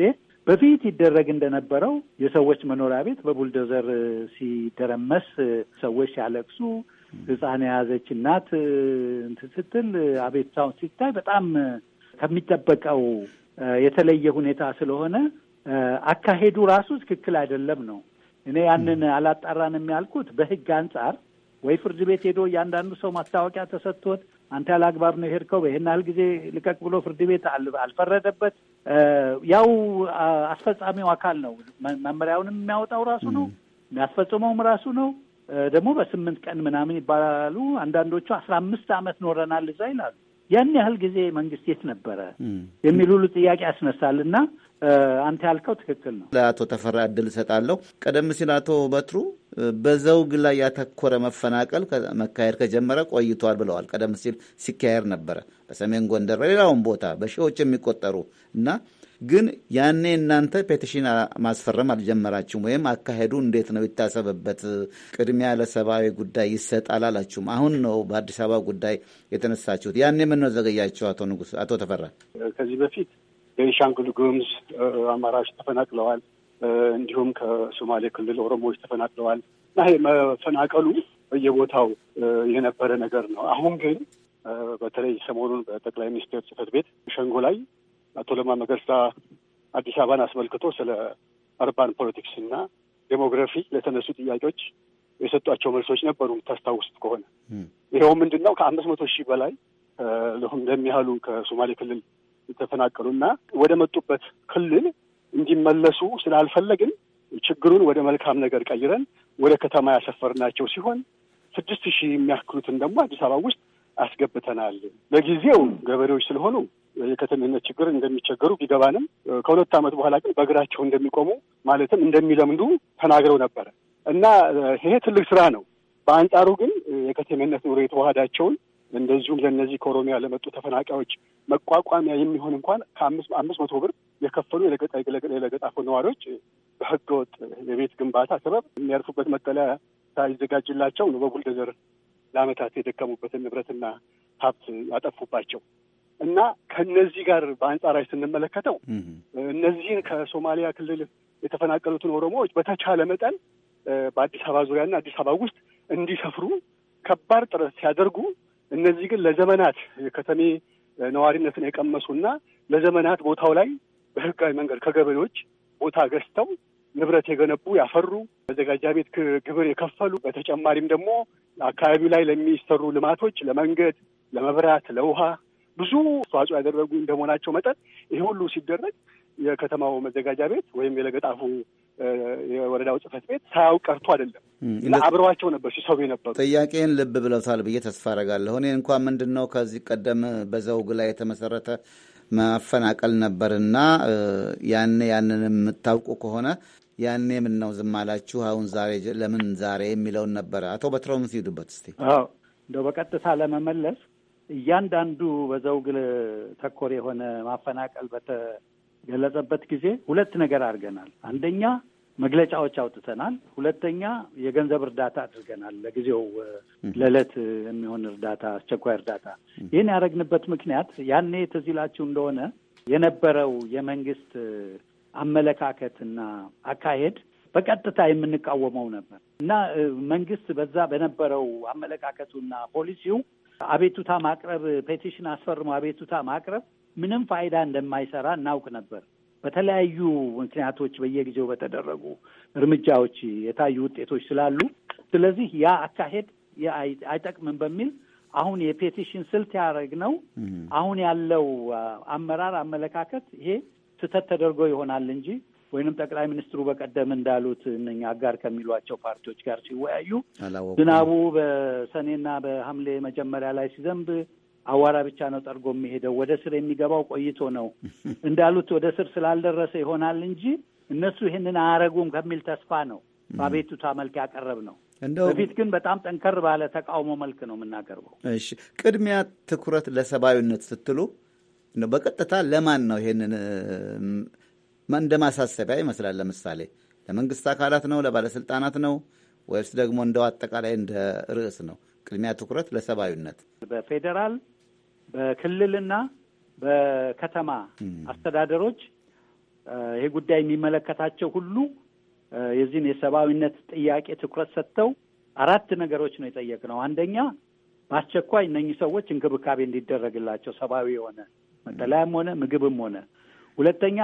በፊት ይደረግ እንደነበረው የሰዎች መኖሪያ ቤት በቡልዶዘር ሲደረመስ ሰዎች ሲያለቅሱ ህፃን የያዘች እናት እንትን ስትል አቤቱታውን ሲታይ በጣም ከሚጠበቀው የተለየ ሁኔታ ስለሆነ አካሄዱ ራሱ ትክክል አይደለም ነው። እኔ ያንን አላጣራንም ያልኩት በህግ አንጻር ወይ ፍርድ ቤት ሄዶ እያንዳንዱ ሰው ማስታወቂያ ተሰጥቶት አንተ ያላግባብ ነው የሄድከው ይህን ያህል ጊዜ ልቀቅ ብሎ ፍርድ ቤት አልፈረደበት። ያው አስፈጻሚው አካል ነው መመሪያውንም የሚያወጣው ራሱ ነው፣ የሚያስፈጽመውም ራሱ ነው። ደግሞ በስምንት ቀን ምናምን ይባላሉ። አንዳንዶቹ አስራ አምስት ዓመት ኖረናል እዛ ይላሉ። ያን ያህል ጊዜ መንግስት የት ነበረ የሚል ሁሉ ጥያቄ ያስነሳልና አንተ ያልከው ትክክል ነው። ለአቶ ተፈራ እድል እሰጣለሁ። ቀደም ሲል አቶ በትሩ በዘውግ ላይ ያተኮረ መፈናቀል መካሄድ ከጀመረ ቆይቷል ብለዋል። ቀደም ሲል ሲካሄድ ነበረ፣ በሰሜን ጎንደር፣ በሌላውም ቦታ በሺዎች የሚቆጠሩ እና ግን ያኔ እናንተ ፔቲሽን ማስፈረም አልጀመራችሁም፣ ወይም አካሄዱ እንዴት ነው ይታሰብበት፣ ቅድሚያ ለሰብአዊ ጉዳይ ይሰጣል አላችሁም። አሁን ነው በአዲስ አበባ ጉዳይ የተነሳችሁት። ያኔ ምን ነው ዘገያቸው? አቶ ንጉስ፣ አቶ ተፈራ ከዚህ በፊት ቤንሻንጉል ጉሙዝ አማራዎች ተፈናቅለዋል። እንዲሁም ከሶማሌ ክልል ኦሮሞዎች ተፈናቅለዋል እና መፈናቀሉ በየቦታው የነበረ ነገር ነው። አሁን ግን በተለይ ሰሞኑን በጠቅላይ ሚኒስቴር ጽህፈት ቤት ሸንጎ ላይ አቶ ለማ መገርሳ አዲስ አበባን አስመልክቶ ስለ አርባን ፖለቲክስ እና ዴሞግራፊ ለተነሱ ጥያቄዎች የሰጧቸው መልሶች ነበሩ የምታስታውሱት ከሆነ ይኸው ምንድን ነው ከአምስት መቶ ሺህ በላይ ለሚያህሉ ከሶማሌ ክልል የተፈናቀሉ እና ወደ መጡበት ክልል እንዲመለሱ ስላልፈለግን ችግሩን ወደ መልካም ነገር ቀይረን ወደ ከተማ ያሰፈርናቸው ሲሆን ስድስት ሺህ የሚያክሉትን ደግሞ አዲስ አበባ ውስጥ አስገብተናል። ለጊዜው ገበሬዎች ስለሆኑ የከተሜነት ችግር እንደሚቸገሩ ቢገባንም ከሁለት ዓመት በኋላ ግን በእግራቸው እንደሚቆሙ ማለትም እንደሚለምዱ ተናግረው ነበረ እና ይሄ ትልቅ ስራ ነው። በአንጻሩ ግን የከተሜነት ኑሮ የተዋሃዳቸውን እንደዚሁም ለእነዚህ ከኦሮሚያ ለመጡ ተፈናቃዮች መቋቋሚያ የሚሆን እንኳን ከአምስት መቶ ብር የከፈሉ የለገጣፎ ነዋሪዎች በህገወጥ የቤት ግንባታ ሰበብ የሚያርፉበት መጠለያ ሳይዘጋጅላቸው ነው በቡልደዘር ለአመታት የደከሙበትን ንብረትና ሀብት ያጠፉባቸው። እና ከነዚህ ጋር በአንጻራዊ ስንመለከተው እነዚህን ከሶማሊያ ክልል የተፈናቀሉትን ኦሮሞዎች በተቻለ መጠን በአዲስ አበባ ዙሪያና አዲስ አበባ ውስጥ እንዲሰፍሩ ከባድ ጥረት ሲያደርጉ፣ እነዚህ ግን ለዘመናት የከተሜ ነዋሪነትን የቀመሱና ለዘመናት ቦታው ላይ በህጋዊ መንገድ ከገበሬዎች ቦታ ገዝተው ንብረት የገነቡ ያፈሩ፣ መዘጋጃ ቤት ግብር የከፈሉ በተጨማሪም ደግሞ አካባቢው ላይ ለሚሰሩ ልማቶች ለመንገድ፣ ለመብራት፣ ለውሃ ብዙ አስተዋጽኦ ያደረጉ እንደመሆናቸው መጠን ይሄ ሁሉ ሲደረግ የከተማው መዘጋጃ ቤት ወይም የለገጣፉ የወረዳው ጽሕፈት ቤት ሳያውቅ ቀርቶ አይደለም እና አብረዋቸው ነበር ሲሰሩ የነበሩ። ጥያቄን ልብ ብለውታል ብዬ ተስፋ አደርጋለሁ። እኔ እንኳ ምንድን ነው ከዚህ ቀደም በዘውግ ላይ የተመሰረተ ማፈናቀል ነበርና ያኔ ያንን የምታውቁ ከሆነ ያኔ ምን ነው ዝም አላችሁ፣ አሁን ዛሬ ለምን ዛሬ የሚለውን ነበረ። አቶ በትረው ምን ሲሄዱበት እስቲ እንደው በቀጥታ ለመመለስ እያንዳንዱ በዘውግ ተኮር የሆነ ማፈናቀል በተገለጸበት ጊዜ ሁለት ነገር አድርገናል። አንደኛ መግለጫዎች አውጥተናል። ሁለተኛ የገንዘብ እርዳታ አድርገናል። ለጊዜው ለዕለት የሚሆን እርዳታ፣ አስቸኳይ እርዳታ። ይህን ያደረግንበት ምክንያት ያኔ ትዝ ይላችሁ እንደሆነ የነበረው የመንግስት አመለካከትና አካሄድ በቀጥታ የምንቃወመው ነበር እና መንግስት በዛ በነበረው አመለካከቱና ፖሊሲው አቤቱታ ማቅረብ ፔቲሽን አስፈርሞ አቤቱታ ማቅረብ ምንም ፋይዳ እንደማይሰራ እናውቅ ነበር። በተለያዩ ምክንያቶች በየጊዜው በተደረጉ እርምጃዎች የታዩ ውጤቶች ስላሉ፣ ስለዚህ ያ አካሄድ አይጠቅምም በሚል አሁን የፔቲሽን ስልት ያደረግ ነው አሁን ያለው አመራር አመለካከት ይሄ ስህተት ተደርጎ ይሆናል እንጂ ወይንም ጠቅላይ ሚኒስትሩ በቀደም እንዳሉት እነኛ አጋር ከሚሏቸው ፓርቲዎች ጋር ሲወያዩ ዝናቡ በሰኔና በሐምሌ መጀመሪያ ላይ ሲዘንብ አዋራ ብቻ ነው ጠርጎ የሚሄደው፣ ወደ ስር የሚገባው ቆይቶ ነው እንዳሉት ወደ ስር ስላልደረሰ ይሆናል እንጂ እነሱ ይህንን አያረጉም ከሚል ተስፋ ነው በአቤቱታ መልክ ያቀረብ ነው። በፊት ግን በጣም ጠንከር ባለ ተቃውሞ መልክ ነው የምናቀርበው። እሺ፣ ቅድሚያ ትኩረት ለሰብአዊነት ስትሉ በቀጥታ ለማን ነው ይሄንን እንደ ማሳሰቢያ ይመስላል። ለምሳሌ ለመንግስት አካላት ነው፣ ለባለስልጣናት ነው ወይስ ደግሞ እንደው አጠቃላይ እንደ ርዕስ ነው? ቅድሚያ ትኩረት ለሰብአዊነት በፌዴራል በክልልና በከተማ አስተዳደሮች ይሄ ጉዳይ የሚመለከታቸው ሁሉ የዚህን የሰብአዊነት ጥያቄ ትኩረት ሰጥተው አራት ነገሮች ነው የጠየቅነው። አንደኛ በአስቸኳይ እነኚህ ሰዎች እንክብካቤ እንዲደረግላቸው ሰብአዊ የሆነ መጠለያም ሆነ ምግብም ሆነ፣ ሁለተኛ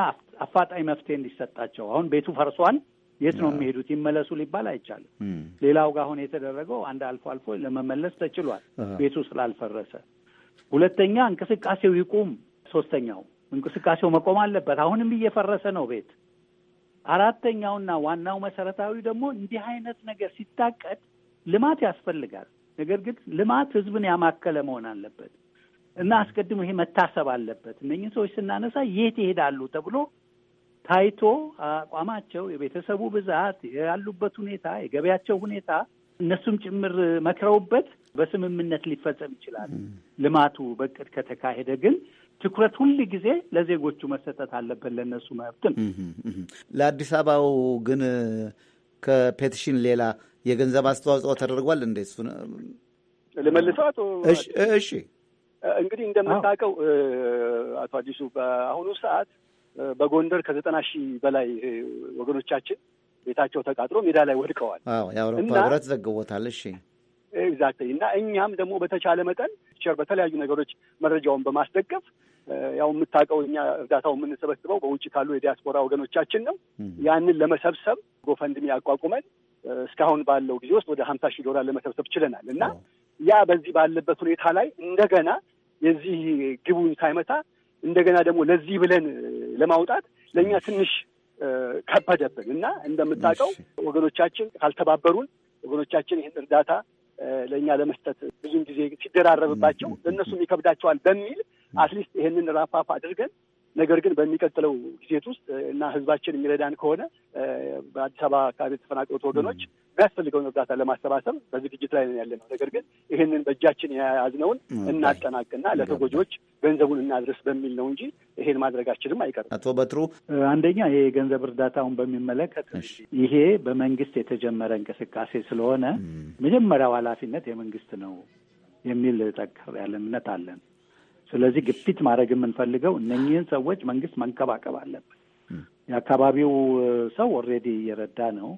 አፋጣኝ መፍትሄ እንዲሰጣቸው አሁን ቤቱ ፈርሷል። የት ነው የሚሄዱት? ይመለሱ ሊባል አይቻልም። ሌላው ጋር አሁን የተደረገው አንድ አልፎ አልፎ ለመመለስ ተችሏል፣ ቤቱ ስላልፈረሰ። ሁለተኛ እንቅስቃሴው ይቁም። ሶስተኛው እንቅስቃሴው መቆም አለበት። አሁንም እየፈረሰ ነው ቤት። አራተኛውና ዋናው መሰረታዊ ደግሞ እንዲህ አይነት ነገር ሲታቀድ ልማት ያስፈልጋል። ነገር ግን ልማት ህዝብን ያማከለ መሆን አለበት እና አስቀድሞ ይሄ መታሰብ አለበት። እነኝህ ሰዎች ስናነሳ የት ይሄዳሉ ተብሎ ታይቶ አቋማቸው፣ የቤተሰቡ ብዛት፣ ያሉበት ሁኔታ፣ የገበያቸው ሁኔታ እነሱም ጭምር መክረውበት በስምምነት ሊፈጸም ይችላል። ልማቱ በቅድ ከተካሄደ ግን ትኩረት ሁል ጊዜ ለዜጎቹ መሰጠት አለበት። ለእነሱ መብትም ለአዲስ አበባው ግን ከፔቲሽን ሌላ የገንዘብ አስተዋጽኦ ተደርጓል እንዴ? እሱ ልመልሰው አቶ እሺ እንግዲህ እንደምታውቀው አቶ አዲሱ በአሁኑ ሰዓት በጎንደር ከዘጠና ሺህ በላይ ወገኖቻችን ቤታቸው ተቃጥሎ ሜዳ ላይ ወድቀዋል። የአውሮፓ ህብረት ዘግቦታል። እሺ ኤግዛክት እና እኛም ደግሞ በተቻለ መጠን ቸር በተለያዩ ነገሮች መረጃውን በማስደገፍ ያው የምታውቀው እኛ እርዳታው የምንሰበስበው በውጭ ካሉ የዲያስፖራ ወገኖቻችን ነው። ያንን ለመሰብሰብ ጎፈንድሚ ያቋቁመን እስካሁን ባለው ጊዜ ውስጥ ወደ ሀምሳ ሺህ ዶላር ለመሰብሰብ ችለናል እና ያ በዚህ ባለበት ሁኔታ ላይ እንደገና የዚህ ግቡን ሳይመታ እንደገና ደግሞ ለዚህ ብለን ለማውጣት ለእኛ ትንሽ ከበደብን እና እንደምታውቀው ወገኖቻችን ካልተባበሩን ወገኖቻችን ይህን እርዳታ ለእኛ ለመስጠት ብዙን ጊዜ ሲደራረብባቸው ለእነሱም ይከብዳቸዋል በሚል አትሊስት ይህንን ራፋፍ አድርገን ነገር ግን በሚቀጥለው ጊዜት ውስጥ እና ህዝባችን የሚረዳን ከሆነ በአዲስ አበባ አካባቢ የተፈናቀሉት ወገኖች የሚያስፈልገውን እርዳታ ለማሰባሰብ በዝግጅት ላይ ያለ ነው። ነገር ግን ይህንን በእጃችን የያዝነውን እናጠናቅና ለተጎጂዎች ገንዘቡን እናድረስ በሚል ነው እንጂ ይሄን ማድረጋችንም አይቀርም። አቶ በትሩ፣ አንደኛ ይሄ የገንዘብ እርዳታውን በሚመለከት ይሄ በመንግስት የተጀመረ እንቅስቃሴ ስለሆነ መጀመሪያው ኃላፊነት የመንግስት ነው የሚል ጠንከር ያለ እምነት አለን። ስለዚህ ግፊት ማድረግ የምንፈልገው እነኚህን ሰዎች መንግስት መንከባከብ አለበት። የአካባቢው ሰው ኦልሬዲ እየረዳ ነው።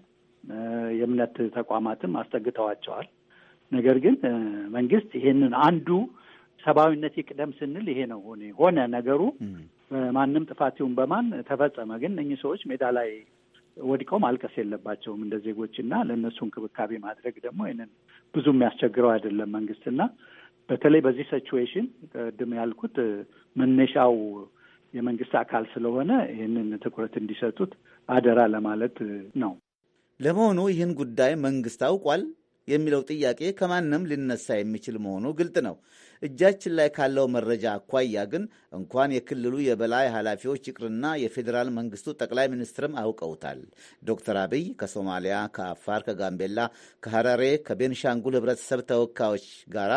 የእምነት ተቋማትም አስጠግተዋቸዋል። ነገር ግን መንግስት ይሄንን አንዱ ሰብአዊነት ይቅደም ስንል ይሄ ነው ሆነ ሆነ ነገሩ ማንም ጥፋት ይሁን በማን ተፈጸመ። ግን እኚህ ሰዎች ሜዳ ላይ ወድቀው ማልቀስ የለባቸውም እንደ ዜጎች እና ለእነሱ እንክብካቤ ማድረግ ደግሞ ይህንን ብዙ የሚያስቸግረው አይደለም መንግስትና በተለይ በዚህ ሲቹዌሽን ቅድም ያልኩት መነሻው የመንግስት አካል ስለሆነ ይህንን ትኩረት እንዲሰጡት አደራ ለማለት ነው። ለመሆኑ ይህን ጉዳይ መንግስት አውቋል የሚለው ጥያቄ ከማንም ሊነሳ የሚችል መሆኑ ግልጥ ነው። እጃችን ላይ ካለው መረጃ አኳያ ግን እንኳን የክልሉ የበላይ ኃላፊዎች ይቅርና የፌዴራል መንግስቱ ጠቅላይ ሚኒስትርም አውቀውታል። ዶክተር አብይ ከሶማሊያ፣ ከአፋር፣ ከጋምቤላ፣ ከሐራሬ፣ ከቤንሻንጉል ህብረተሰብ ተወካዮች ጋር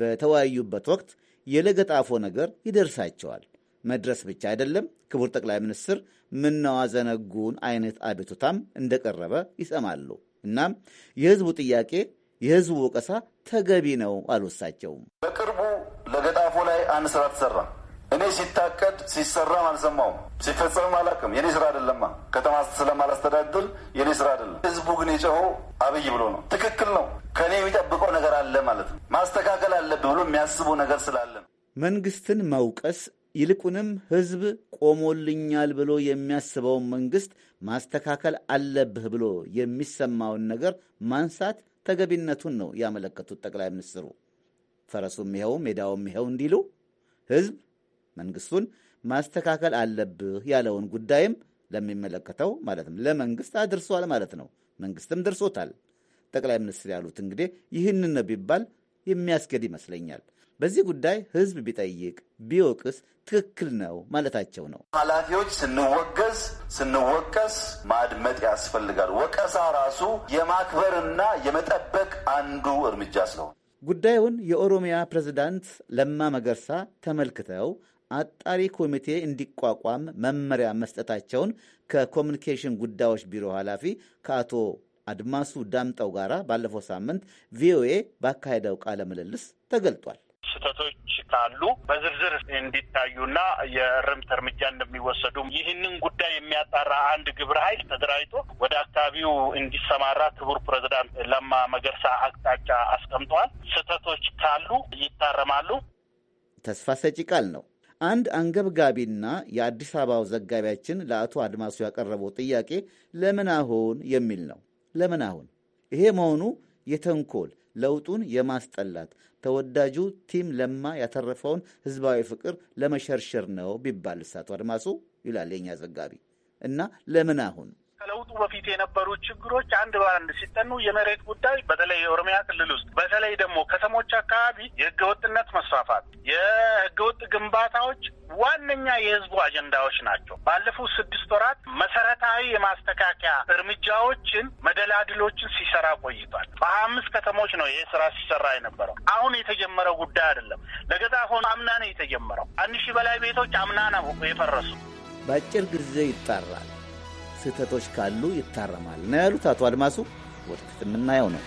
በተወያዩበት ወቅት የለገጣፎ ነገር ይደርሳቸዋል። መድረስ ብቻ አይደለም፣ ክቡር ጠቅላይ ሚኒስትር ምናዋዘነጉን አይነት አቤቱታም እንደቀረበ ይሰማሉ። እናም የህዝቡ ጥያቄ የህዝቡ ወቀሳ ተገቢ ነው አልወሳቸውም። በቅርቡ ለገጣፎ ላይ አንድ ስራ ተሰራ። እኔ ሲታቀድ ሲሰራም አልሰማውም፣ ሲፈጸምም አላውቅም። የኔ ስራ አይደለማ፣ ከተማ ስለማላስተዳድር የኔ ስራ አይደለም። ህዝቡ ግን የጨሆ አብይ ብሎ ነው። ትክክል ነው። ከእኔ የሚጠብቀው ነገር አለ ማለት ነው። ማስተካከል አለብህ ብሎ የሚያስቡ ነገር ስላለ ነው። መንግስትን መውቀስ ይልቁንም ህዝብ ቆሞልኛል ብሎ የሚያስበውን መንግስት ማስተካከል አለብህ ብሎ የሚሰማውን ነገር ማንሳት ተገቢነቱን ነው ያመለከቱት ጠቅላይ ሚኒስትሩ። ፈረሱም ይኸው ሜዳውም ይኸው እንዲሉ ህዝብ መንግስቱን ማስተካከል አለብህ ያለውን ጉዳይም ለሚመለከተው ማለትም ለመንግስት አድርሷል ማለት ነው። መንግስትም ደርሶታል። ጠቅላይ ሚኒስትር ያሉት እንግዲህ ይህንን ነው ቢባል የሚያስገድ ይመስለኛል። በዚህ ጉዳይ ህዝብ ቢጠይቅ ቢወቅስ ትክክል ነው ማለታቸው ነው። ኃላፊዎች ስንወገዝ ስንወቀስ ማድመጥ ያስፈልጋል። ወቀሳ ራሱ የማክበርና የመጠበቅ አንዱ እርምጃ ስለሆነ ጉዳዩን የኦሮሚያ ፕሬዝዳንት ለማ መገርሳ ተመልክተው አጣሪ ኮሚቴ እንዲቋቋም መመሪያ መስጠታቸውን ከኮሚኒኬሽን ጉዳዮች ቢሮ ኃላፊ ከአቶ አድማሱ ዳምጠው ጋር ባለፈው ሳምንት ቪኦኤ ባካሄደው ቃለ ምልልስ ተገልጧል። ስህተቶች ካሉ በዝርዝር እንዲታዩና የእርምት እርምጃ እንደሚወሰዱ ይህንን ጉዳይ የሚያጣራ አንድ ግብረ ኃይል ተደራጅቶ ወደ አካባቢው እንዲሰማራ ክቡር ፕሬዚዳንት ለማ መገርሳ አቅጣጫ አስቀምጠዋል። ስህተቶች ካሉ ይታረማሉ። ተስፋ ሰጪ ቃል ነው። አንድ አንገብጋቢና የአዲስ አበባው ዘጋቢያችን ለአቶ አድማሱ ያቀረበው ጥያቄ ለምን አሁን የሚል ነው። ለምን አሁን ይሄ መሆኑ የተንኮል ለውጡን የማስጠላት ተወዳጁ ቲም ለማ ያተረፈውን ህዝባዊ ፍቅር ለመሸርሸር ነው ቢባል እሳቱ አድማሱ ይላል የኛ ዘጋቢ እና ለምን አሁን ከለውጡ በፊት የነበሩ ችግሮች አንድ በአንድ ሲጠኑ የመሬት ጉዳይ በተለይ የኦሮሚያ ክልል ውስጥ በተለይ ደግሞ ከተሞች አካባቢ የህገወጥነት መስፋፋት፣ የህገወጥ ግንባታዎች ዋነኛ የህዝቡ አጀንዳዎች ናቸው። ባለፉት ስድስት ወራት መሰረታዊ የማስተካከያ እርምጃዎችን መደላድሎችን ሲሰራ ቆይቷል። በሀያ አምስት ከተሞች ነው ይሄ ስራ ሲሰራ የነበረው። አሁን የተጀመረው ጉዳይ አይደለም። ለገዛ ሆኖ አምና ነው የተጀመረው። አንድ ሺህ በላይ ቤቶች አምና ነው የፈረሱ። በአጭር ጊዜ ይጠራል። ስህተቶች ካሉ ይታረማል ነው ያሉት አቶ አድማሱ። ወደፊት የምናየው ነው።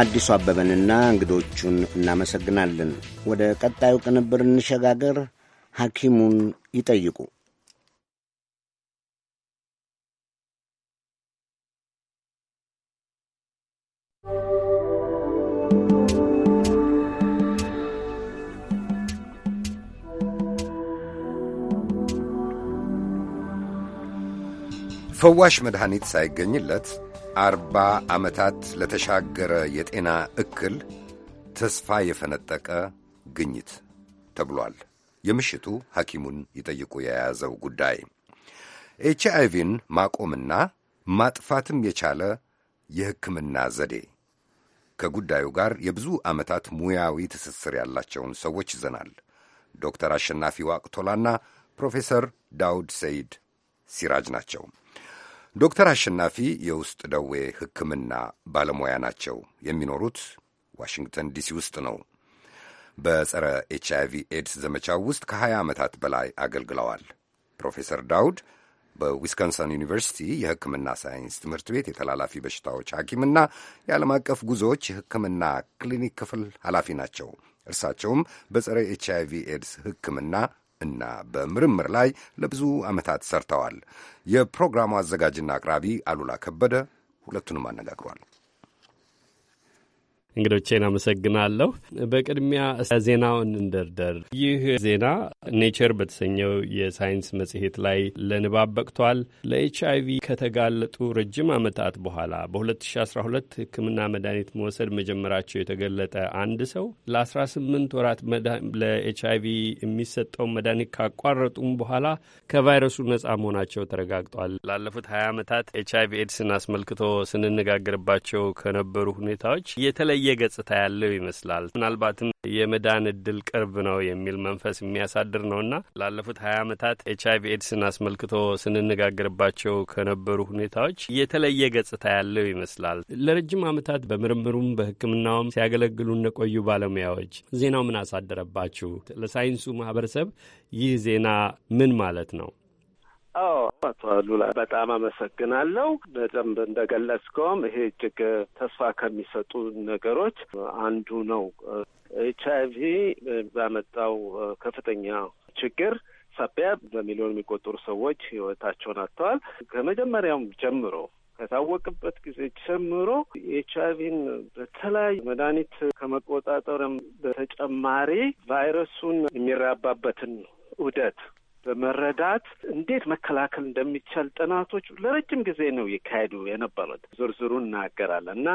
አዲሱ አበበንና እንግዶቹን እናመሰግናለን። ወደ ቀጣዩ ቅንብር እንሸጋገር። ሐኪሙን ይጠይቁ ፈዋሽ መድኃኒት ሳይገኝለት አርባ ዓመታት ለተሻገረ የጤና እክል ተስፋ የፈነጠቀ ግኝት ተብሏል። የምሽቱ ሐኪሙን ይጠይቁ የያዘው ጉዳይ ኤች አይቪን ማቆምና ማጥፋትም የቻለ የሕክምና ዘዴ። ከጉዳዩ ጋር የብዙ ዓመታት ሙያዊ ትስስር ያላቸውን ሰዎች ይዘናል። ዶክተር አሸናፊ ዋቅቶላና ፕሮፌሰር ዳውድ ሰይድ ሲራጅ ናቸው። ዶክተር አሸናፊ የውስጥ ደዌ ሕክምና ባለሙያ ናቸው። የሚኖሩት ዋሽንግተን ዲሲ ውስጥ ነው። በጸረ ኤች አይቪ ኤድስ ዘመቻው ውስጥ ከ20 ዓመታት በላይ አገልግለዋል። ፕሮፌሰር ዳውድ በዊስኮንሰን ዩኒቨርሲቲ የሕክምና ሳይንስ ትምህርት ቤት የተላላፊ በሽታዎች ሐኪምና የዓለም አቀፍ ጉዞዎች የሕክምና ክሊኒክ ክፍል ኃላፊ ናቸው። እርሳቸውም በጸረ ኤች አይቪ ኤድስ ሕክምና እና በምርምር ላይ ለብዙ ዓመታት ሰርተዋል። የፕሮግራሙ አዘጋጅና አቅራቢ አሉላ ከበደ ሁለቱንም አነጋግሯል። እንግዶቼን አመሰግናለሁ። በቅድሚያ ዜናውን እንደርደር። ይህ ዜና ኔቸር በተሰኘው የሳይንስ መጽሔት ላይ ለንባብ በቅቷል። ለኤች አይቪ ከተጋለጡ ረጅም ዓመታት በኋላ በ2012 ሕክምና መድኃኒት መውሰድ መጀመራቸው የተገለጠ አንድ ሰው ለ18 ወራት ለኤች አይቪ የሚሰጠውን መድኃኒት ካቋረጡም በኋላ ከቫይረሱ ነጻ መሆናቸው ተረጋግጧል። ላለፉት 20 ዓመታት ኤች ቪ ኤድስን አስመልክቶ ስንነጋገርባቸው ከነበሩ ሁኔታዎች የተለ። የተለየ ገጽታ ያለው ይመስላል። ምናልባትም የመዳን እድል ቅርብ ነው የሚል መንፈስ የሚያሳድር ነውና ላለፉት ሀያ ዓመታት ኤች አይቪ ኤድስን አስመልክቶ ስንነጋገርባቸው ከነበሩ ሁኔታዎች የተለየ ገጽታ ያለው ይመስላል። ለረጅም ዓመታት በምርምሩም በሕክምናውም ሲያገለግሉ እነቆዩ ባለሙያዎች ዜናው ምን አሳደረባችሁ? ለሳይንሱ ማህበረሰብ ይህ ዜና ምን ማለት ነው? አዎ አቶ አሉላ በጣም አመሰግናለሁ። በደንብ እንደገለጽከውም ይሄ እጅግ ተስፋ ከሚሰጡ ነገሮች አንዱ ነው። ኤች አይ ቪ ባመጣው ከፍተኛ ችግር ሳቢያ በሚሊዮን የሚቆጠሩ ሰዎች ህይወታቸውን አጥተዋል። ከመጀመሪያውም ጀምሮ ከታወቅበት ጊዜ ጀምሮ ኤች አይ ቪን በተለያዩ መድኃኒት ከመቆጣጠርም በተጨማሪ ቫይረሱን የሚራባበትን ውደት በመረዳት እንዴት መከላከል እንደሚቻል ጥናቶች ለረጅም ጊዜ ነው ይካሄዱ የነበሩት። ዝርዝሩ እናገራለን እና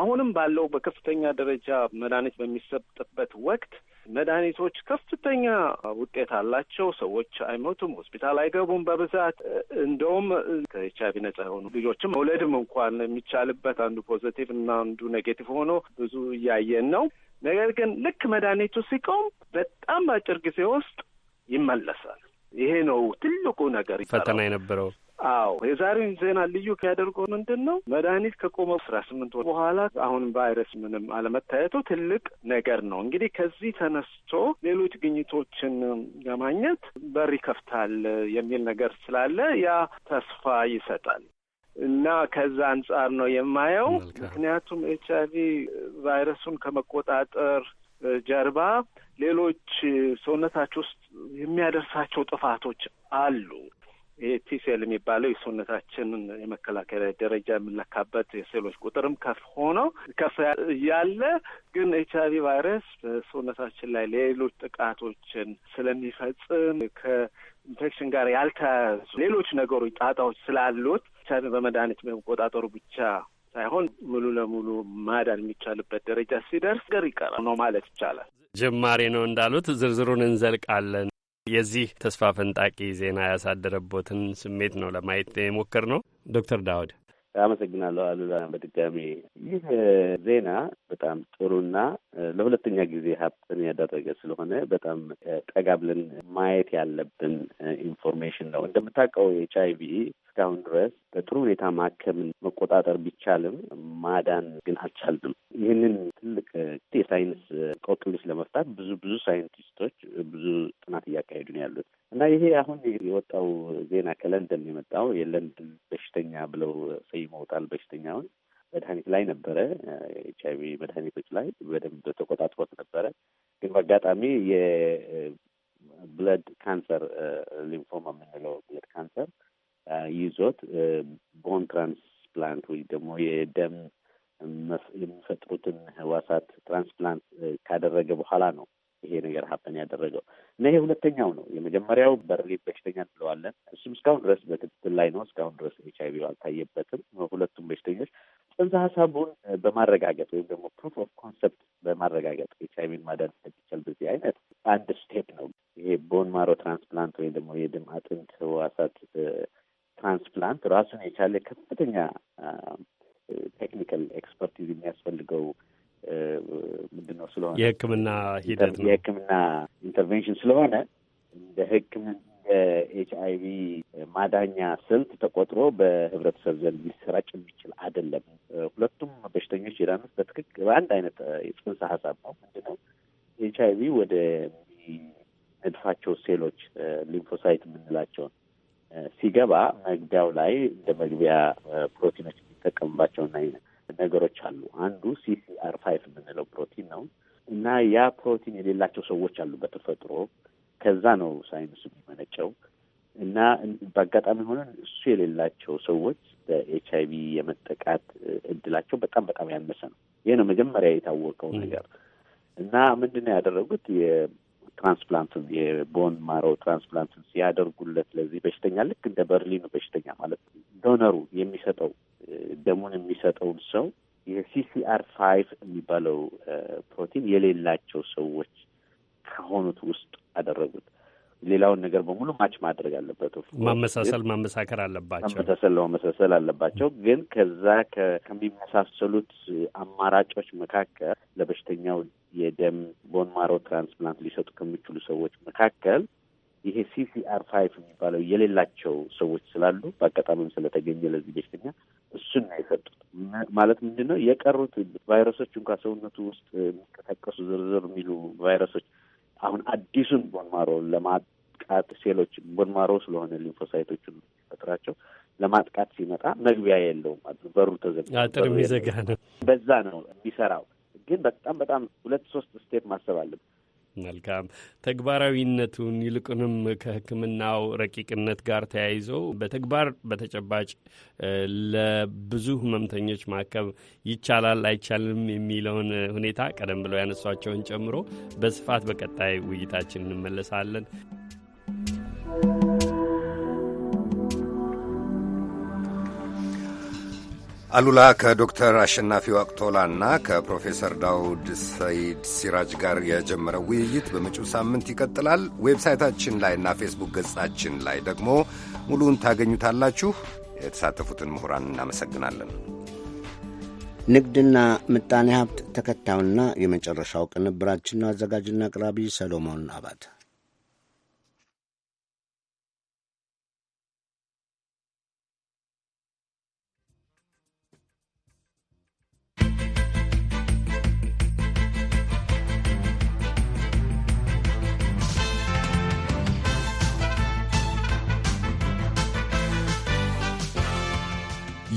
አሁንም ባለው በከፍተኛ ደረጃ መድኃኒት በሚሰጥበት ወቅት መድኃኒቶች ከፍተኛ ውጤት አላቸው። ሰዎች አይሞቱም፣ ሆስፒታል አይገቡም በብዛት እንደውም ከኤች አይቪ ነጻ የሆኑ ልጆችም መውለድም እንኳን የሚቻልበት አንዱ ፖዘቲቭ እና አንዱ ኔጌቲቭ ሆኖ ብዙ እያየን ነው። ነገር ግን ልክ መድኃኒቱ ሲቆም በጣም በአጭር ጊዜ ውስጥ ይመለሳል። ይሄ ነው ትልቁ ነገር ፈተና የነበረው። አዎ የዛሬን ዜና ልዩ ያደርገው ምንድን ነው? መድኃኒት ከቆመ አስራ ስምንት ወር በኋላ አሁን ቫይረስ ምንም አለመታየቱ ትልቅ ነገር ነው። እንግዲህ ከዚህ ተነስቶ ሌሎች ግኝቶችን ለማግኘት በር ይከፍታል የሚል ነገር ስላለ ያ ተስፋ ይሰጣል እና ከዛ አንጻር ነው የማየው። ምክንያቱም ኤች አይቪ ቫይረሱን ከመቆጣጠር ጀርባ ሌሎች ሰውነታቸው ውስጥ የሚያደርሳቸው ጥፋቶች አሉ። ይሄ ቲሴል የሚባለው የሰውነታችንን የመከላከያ ደረጃ የምንለካበት የሴሎች ቁጥርም ከፍ ሆኖ ከፍ ያለ ግን ኤች አይቪ ቫይረስ በሰውነታችን ላይ ሌሎች ጥቃቶችን ስለሚፈጽም ከኢንፌክሽን ጋር ያልተያያዙ ሌሎች ነገሮች ጣጣዎች ስላሉት ኤች አይቪ በመድኃኒት መቆጣጠሩ ብቻ ሳይሆን ሙሉ ለሙሉ ማዳን የሚቻልበት ደረጃ ሲደርስ ገር ይቀራል ነው ማለት ይቻላል። ጅማሬ ነው እንዳሉት ዝርዝሩን እንዘልቃለን። የዚህ ተስፋ ፈንጣቂ ዜና ያሳደረቦትን ስሜት ነው ለማየት የሞከር ነው። ዶክተር ዳውድ አመሰግናለሁ አሉላ። በድጋሚ ይህ ዜና በጣም ጥሩና ለሁለተኛ ጊዜ ሀብትን ያደረገ ስለሆነ በጣም ጠጋ ብለን ማየት ያለብን ኢንፎርሜሽን ነው። እንደምታውቀው ኤች አይ ቪ እስካሁን ድረስ በጥሩ ሁኔታ ማከምን መቆጣጠር ቢቻልም ማዳን ግን አልቻልንም። ይህንን ትልቅ የሳይንስ ቆቅልሽ ለመፍታት ብዙ ብዙ ሳይንቲስቶች ብዙ ጥናት እያካሄዱ ነው ያሉት እና ይሄ አሁን የወጣው ዜና ከለንደን የመጣው የለንደን በሽተኛ ብለው ሰይመውታል በሽተኛውን መድኃኒት ላይ ነበረ። ኤች አይቪ መድኃኒቶች ላይ በደንብ ተቆጣጥሮት ነበረ። ግን በአጋጣሚ የብለድ ካንሰር ሊምፎማ የምንለው ብለድ ካንሰር ይዞት ቦን ትራንስፕላንት ወይ ደግሞ የደም የሚፈጥሩትን ህዋሳት ትራንስፕላንት ካደረገ በኋላ ነው ይሄ ነገር ሀበን ያደረገው እና ይሄ ሁለተኛው ነው። የመጀመሪያው በርሊን በሽተኛ እንለዋለን። እሱም እስካሁን ድረስ በክትትል ላይ ነው። እስካሁን ድረስ ኤች አይቪ አልታየበትም። ሁለቱም በሽተኞች ጽንሰ ሀሳቡን በማረጋገጥ ወይም ደግሞ ፕሩፍ ኦፍ ኮንሰፕት በማረጋገጥ ኤች አይቪን ማዳን እንደሚቻል በዚህ አይነት አንድ ስቴፕ ነው ይሄ ቦን ማሮ ትራንስፕላንት ወይም ደግሞ የደም አጥንት ህዋሳት ፕላንት ራሱን የቻለ ከፍተኛ ቴክኒካል ኤክስፐርቲዝ የሚያስፈልገው ምንድን ነው ስለሆነ የሕክምና ሂደት ነው የሕክምና ኢንተርቬንሽን ስለሆነ እንደ ሕክምና ኤች አይ ቪ ማዳኛ ስልት ተቆጥሮ በህብረተሰብ ዘንድ ሊሰራጭ የሚችል አይደለም። ሁለቱም በሽተኞች የዳኑት በትክክል በአንድ አይነት የጽንሰ ሀሳብ ነው። ምንድን ነው ኤች አይ ቪ ወደ ንድፋቸው ሴሎች ሊምፎሳይት የምንላቸውን ሲገባ መግቢያው ላይ እንደ መግቢያ ፕሮቲኖች የሚጠቀምባቸው ነገሮች አሉ። አንዱ ሲሲአር ፋይፍ የምንለው ፕሮቲን ነው እና ያ ፕሮቲን የሌላቸው ሰዎች አሉ በተፈጥሮ ከዛ ነው ሳይንሱ የሚመነጨው እና በአጋጣሚ ሆነ እሱ የሌላቸው ሰዎች በኤች አይ ቪ የመጠቃት እድላቸው በጣም በጣም ያነሰ ነው። ይህ ነው መጀመሪያ የታወቀው ነገር እና ምንድን ነው ያደረጉት ትራንስፕላንትን የቦን ማሮ ትራንስፕላንትን ሲያደርጉለት ለዚህ በሽተኛ ልክ እንደ በርሊኑ በሽተኛ ማለት ዶነሩ የሚሰጠው ደሙን የሚሰጠውን ሰው የሲሲአር ፋይቭ የሚባለው ፕሮቲን የሌላቸው ሰዎች ከሆኑት ውስጥ አደረጉት። ሌላውን ነገር በሙሉ ማች ማድረግ አለበት። ማመሳሰል ማመሳከር አለባቸው። ማመሳሰል ለመመሳሰል አለባቸው። ግን ከዛ ከሚመሳሰሉት አማራጮች መካከል ለበሽተኛው የደም ቦን ማሮ ትራንስፕላንት ሊሰጡ ከሚችሉ ሰዎች መካከል ይሄ ሲሲአር ፋይቭ የሚባለው የሌላቸው ሰዎች ስላሉ በአጋጣሚም ስለተገኘ ለዚህ በሽተኛ እሱን ነው የሰጡት። ማለት ምንድን ነው የቀሩት ቫይረሶች እንኳ ሰውነቱ ውስጥ የሚንቀሳቀሱ ዝርዝር የሚሉ ቫይረሶች አሁን አዲሱን ቦንማሮ ለማጥቃት ሴሎች ቦንማሮ ስለሆነ ሊንፎሳይቶቹን ፈጥራቸው ለማጥቃት ሲመጣ መግቢያ የለውም ማለት በሩ ተዘጋ፣ አጥር የሚዘጋ ነው። በዛ ነው የሚሰራው። ግን በጣም በጣም ሁለት ሶስት ስቴፕ ማሰብ አለብን። መልካም ተግባራዊነቱን ይልቁንም ከሕክምናው ረቂቅነት ጋር ተያይዞ በተግባር በተጨባጭ ለብዙ ህመምተኞች ማከም ይቻላል አይቻልም የሚለውን ሁኔታ ቀደም ብለው ያነሷቸውን ጨምሮ በስፋት በቀጣይ ውይይታችን እንመለሳለን። አሉላ ከዶክተር አሸናፊ ዋቅቶላና ከፕሮፌሰር ዳውድ ሰይድ ሲራጅ ጋር የጀመረው ውይይት በመጪው ሳምንት ይቀጥላል። ዌብሳይታችን ላይና ፌስቡክ ገጻችን ላይ ደግሞ ሙሉውን ታገኙታላችሁ። የተሳተፉትን ምሁራን እናመሰግናለን። ንግድና ምጣኔ ሀብት ተከታዩና የመጨረሻው ቅንብራችን አዘጋጅና አቅራቢ ሰሎሞን አባት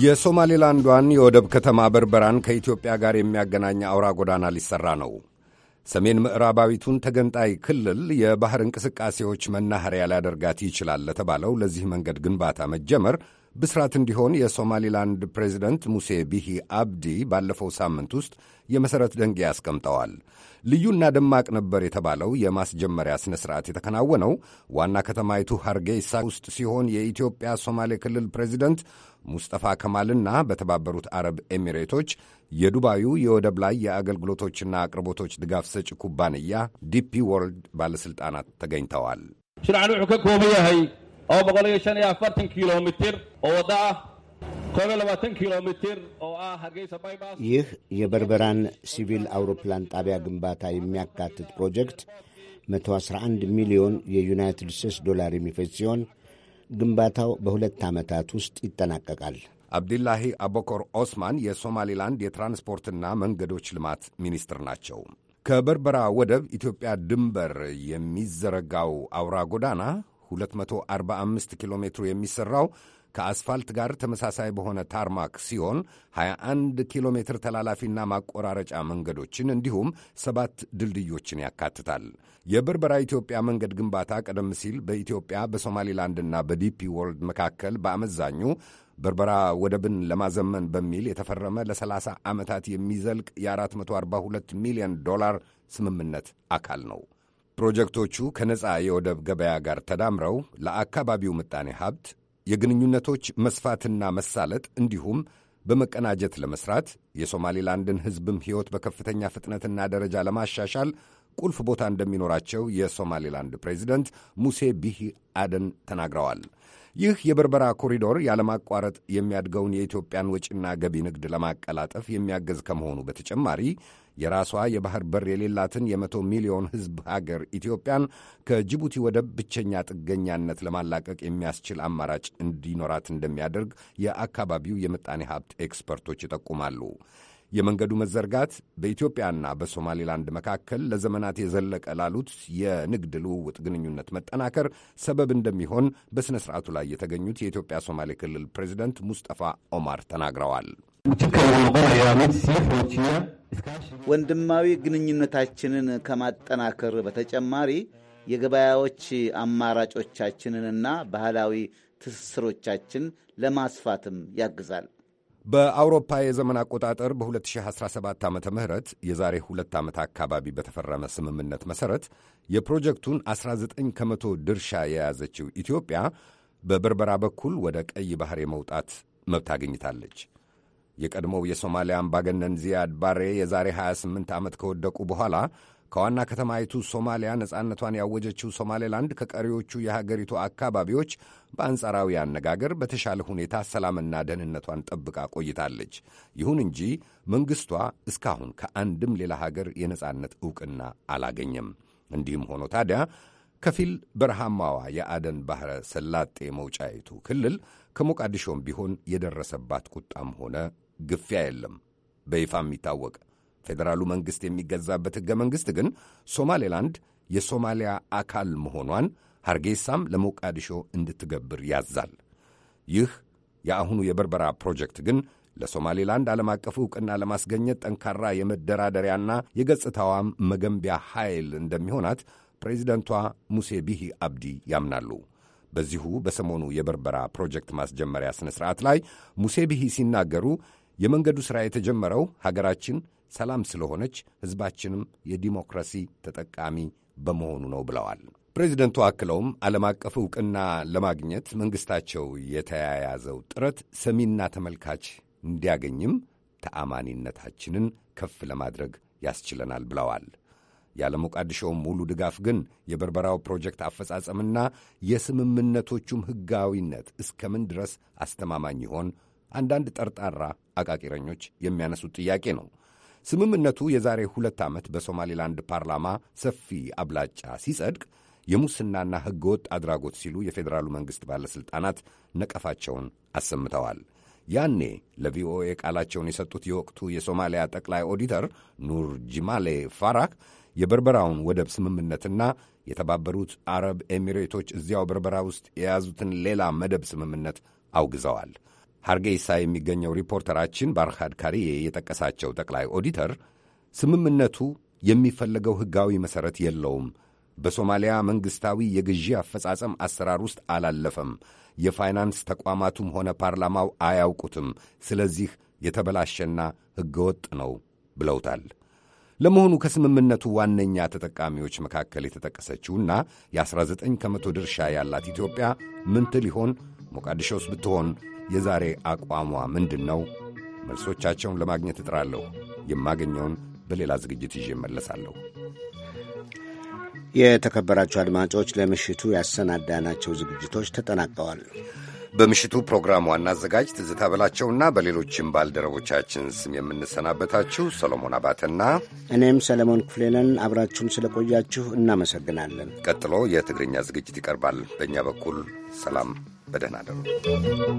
የሶማሌላንዷን የወደብ ከተማ በርበራን ከኢትዮጵያ ጋር የሚያገናኝ አውራ ጎዳና ሊሠራ ነው። ሰሜን ምዕራባዊቱን ተገንጣይ ክልል የባሕር እንቅስቃሴዎች መናኸሪያ ሊያደርጋት ይችላል ለተባለው ለዚህ መንገድ ግንባታ መጀመር ብስራት እንዲሆን የሶማሌላንድ ፕሬዚደንት ሙሴ ቢሂ አብዲ ባለፈው ሳምንት ውስጥ የመሠረት ደንጌ አስቀምጠዋል። ልዩና ደማቅ ነበር የተባለው የማስጀመሪያ ሥነ ሥርዓት የተከናወነው ዋና ከተማይቱ ሐርጌሳ ውስጥ ሲሆን የኢትዮጵያ ሶማሌ ክልል ፕሬዚደንት ሙስጠፋ ከማልና በተባበሩት አረብ ኤሚሬቶች የዱባዩ የወደብ ላይ የአገልግሎቶችና አቅርቦቶች ድጋፍ ሰጪ ኩባንያ ዲፒ ወርልድ ባለሥልጣናት ተገኝተዋል። ውዑ በቆሎ የሸን ኪሎ ሜትር ወዳ ይህ የበርበራን ሲቪል አውሮፕላን ጣቢያ ግንባታ የሚያካትት ፕሮጀክት 111 ሚሊዮን የዩናይትድ ስቴትስ ዶላር የሚፈጅ ሲሆን ግንባታው በሁለት ዓመታት ውስጥ ይጠናቀቃል። አብዲላሂ አቦኮር ኦስማን የሶማሌላንድ የትራንስፖርትና መንገዶች ልማት ሚኒስትር ናቸው። ከበርበራ ወደብ ኢትዮጵያ ድንበር የሚዘረጋው አውራ ጎዳና 245 ኪሎ ሜትሩ የሚሠራው ከአስፋልት ጋር ተመሳሳይ በሆነ ታርማክ ሲሆን 21 ኪሎ ሜትር ተላላፊና ማቆራረጫ መንገዶችን እንዲሁም ሰባት ድልድዮችን ያካትታል። የበርበራ ኢትዮጵያ መንገድ ግንባታ ቀደም ሲል በኢትዮጵያ በሶማሊላንድና በዲፒ ወርልድ መካከል በአመዛኙ በርበራ ወደብን ለማዘመን በሚል የተፈረመ ለ30 ዓመታት የሚዘልቅ የ442 ሚሊዮን ዶላር ስምምነት አካል ነው። ፕሮጀክቶቹ ከነፃ የወደብ ገበያ ጋር ተዳምረው ለአካባቢው ምጣኔ ሀብት የግንኙነቶች መስፋትና መሳለጥ እንዲሁም በመቀናጀት ለመስራት የሶማሌላንድን ሕዝብም ሕይወት በከፍተኛ ፍጥነትና ደረጃ ለማሻሻል ቁልፍ ቦታ እንደሚኖራቸው የሶማሌላንድ ፕሬዚደንት ሙሴ ቢሂ አደን ተናግረዋል። ይህ የበርበራ ኮሪዶር ያለማቋረጥ የሚያድገውን የኢትዮጵያን ወጪና ገቢ ንግድ ለማቀላጠፍ የሚያገዝ ከመሆኑ በተጨማሪ የራሷ የባህር በር የሌላትን የመቶ ሚሊዮን ሕዝብ ሀገር ኢትዮጵያን ከጅቡቲ ወደብ ብቸኛ ጥገኛነት ለማላቀቅ የሚያስችል አማራጭ እንዲኖራት እንደሚያደርግ የአካባቢው የምጣኔ ሀብት ኤክስፐርቶች ይጠቁማሉ። የመንገዱ መዘርጋት በኢትዮጵያና በሶማሌላንድ መካከል ለዘመናት የዘለቀ ላሉት የንግድ ልውውጥ ግንኙነት መጠናከር ሰበብ እንደሚሆን በሥነ ሥርዓቱ ላይ የተገኙት የኢትዮጵያ ሶማሌ ክልል ፕሬዚደንት ሙስጠፋ ኦማር ተናግረዋል። ወንድማዊ ግንኙነታችንን ከማጠናከር በተጨማሪ የገበያዎች አማራጮቻችንንና ባህላዊ ትስስሮቻችን ለማስፋትም ያግዛል። በአውሮፓ የዘመን አቆጣጠር በ2017 ዓ ም የዛሬ ሁለት ዓመት አካባቢ በተፈረመ ስምምነት መሠረት የፕሮጀክቱን 19 ከመቶ ድርሻ የያዘችው ኢትዮጵያ በበርበራ በኩል ወደ ቀይ ባሕር የመውጣት መብት አግኝታለች። የቀድሞው የሶማሊያ አምባገነን ዚያድ ባሬ የዛሬ 28 ዓመት ከወደቁ በኋላ ከዋና ከተማይቱ ሶማሊያ ነጻነቷን ያወጀችው ሶማሌላንድ ከቀሪዎቹ የሀገሪቱ አካባቢዎች በአንጻራዊ አነጋገር በተሻለ ሁኔታ ሰላምና ደህንነቷን ጠብቃ ቆይታለች። ይሁን እንጂ መንግሥቷ እስካሁን ከአንድም ሌላ ሀገር የነጻነት ዕውቅና አላገኘም። እንዲህም ሆኖ ታዲያ ከፊል በረሃማዋ የአደን ባሕረ ሰላጤ መውጫይቱ ክልል ከሞቃዲሾም ቢሆን የደረሰባት ቁጣም ሆነ ግፊያ የለም በይፋ የሚታወቅ ፌዴራሉ መንግሥት የሚገዛበት ሕገ መንግሥት ግን ሶማሌላንድ የሶማሊያ አካል መሆኗን ሐርጌሳም ለሞቃዲሾ እንድትገብር ያዛል። ይህ የአሁኑ የበርበራ ፕሮጀክት ግን ለሶማሌላንድ ዓለም አቀፍ ዕውቅና ለማስገኘት ጠንካራ የመደራደሪያና የገጽታዋም መገንቢያ ኃይል እንደሚሆናት ፕሬዚደንቷ ሙሴ ቢሂ አብዲ ያምናሉ። በዚሁ በሰሞኑ የበርበራ ፕሮጀክት ማስጀመሪያ ሥነ ሥርዓት ላይ ሙሴ ቢሂ ሲናገሩ የመንገዱ ሥራ የተጀመረው ሀገራችን ሰላም ስለሆነች ሕዝባችንም የዲሞክራሲ ተጠቃሚ በመሆኑ ነው ብለዋል። ፕሬዚደንቱ አክለውም ዓለም አቀፍ ዕውቅና ለማግኘት መንግሥታቸው የተያያዘው ጥረት ሰሚና ተመልካች እንዲያገኝም ተአማኒነታችንን ከፍ ለማድረግ ያስችለናል ብለዋል። ያለ ሙሉ ድጋፍ ግን የበርበራው ፕሮጀክት አፈጻጸምና የስምምነቶቹም ሕጋዊነት እስከምን ድረስ አስተማማኝ ይሆን? አንዳንድ ጠርጣራ አቃቂረኞች የሚያነሱት ጥያቄ ነው። ስምምነቱ የዛሬ ሁለት ዓመት በሶማሌላንድ ፓርላማ ሰፊ አብላጫ ሲጸድቅ የሙስናና ሕገወጥ አድራጎት ሲሉ የፌዴራሉ መንግሥት ባለሥልጣናት ነቀፋቸውን አሰምተዋል። ያኔ ለቪኦኤ ቃላቸውን የሰጡት የወቅቱ የሶማሊያ ጠቅላይ ኦዲተር ኑር ጂማሌ ፋራክ የበርበራውን ወደብ ስምምነትና የተባበሩት አረብ ኤሚሬቶች እዚያው በርበራ ውስጥ የያዙትን ሌላ መደብ ስምምነት አውግዘዋል። ሐርጌሳ የሚገኘው ሪፖርተራችን ባርሃድ ካሪዬ የጠቀሳቸው ጠቅላይ ኦዲተር ስምምነቱ የሚፈለገው ሕጋዊ መሠረት የለውም፣ በሶማሊያ መንግሥታዊ የግዢ አፈጻጸም አሰራር ውስጥ አላለፈም፣ የፋይናንስ ተቋማቱም ሆነ ፓርላማው አያውቁትም፣ ስለዚህ የተበላሸና ሕገወጥ ነው ብለውታል። ለመሆኑ ከስምምነቱ ዋነኛ ተጠቃሚዎች መካከል የተጠቀሰችውና የ19 ከመቶ ድርሻ ያላት ኢትዮጵያ ምን ትል ይሆን? ሞቃዲሾስ ብትሆን የዛሬ አቋሟ ምንድን ነው? መልሶቻቸውን ለማግኘት እጥራለሁ። የማገኘውን በሌላ ዝግጅት ይዤ እመለሳለሁ። የተከበራችሁ አድማጮች ለምሽቱ ያሰናዳናቸው ዝግጅቶች ተጠናቀዋል። በምሽቱ ፕሮግራም ዋና አዘጋጅ ትዝታ በላቸውና በሌሎችም ባልደረቦቻችን ስም የምንሰናበታችሁ ሰሎሞን አባተና እኔም ሰለሞን ክፍሌነን አብራችሁን ስለቆያችሁ እናመሰግናለን። ቀጥሎ የትግርኛ ዝግጅት ይቀርባል። በእኛ በኩል ሰላም በደህና አደሩ።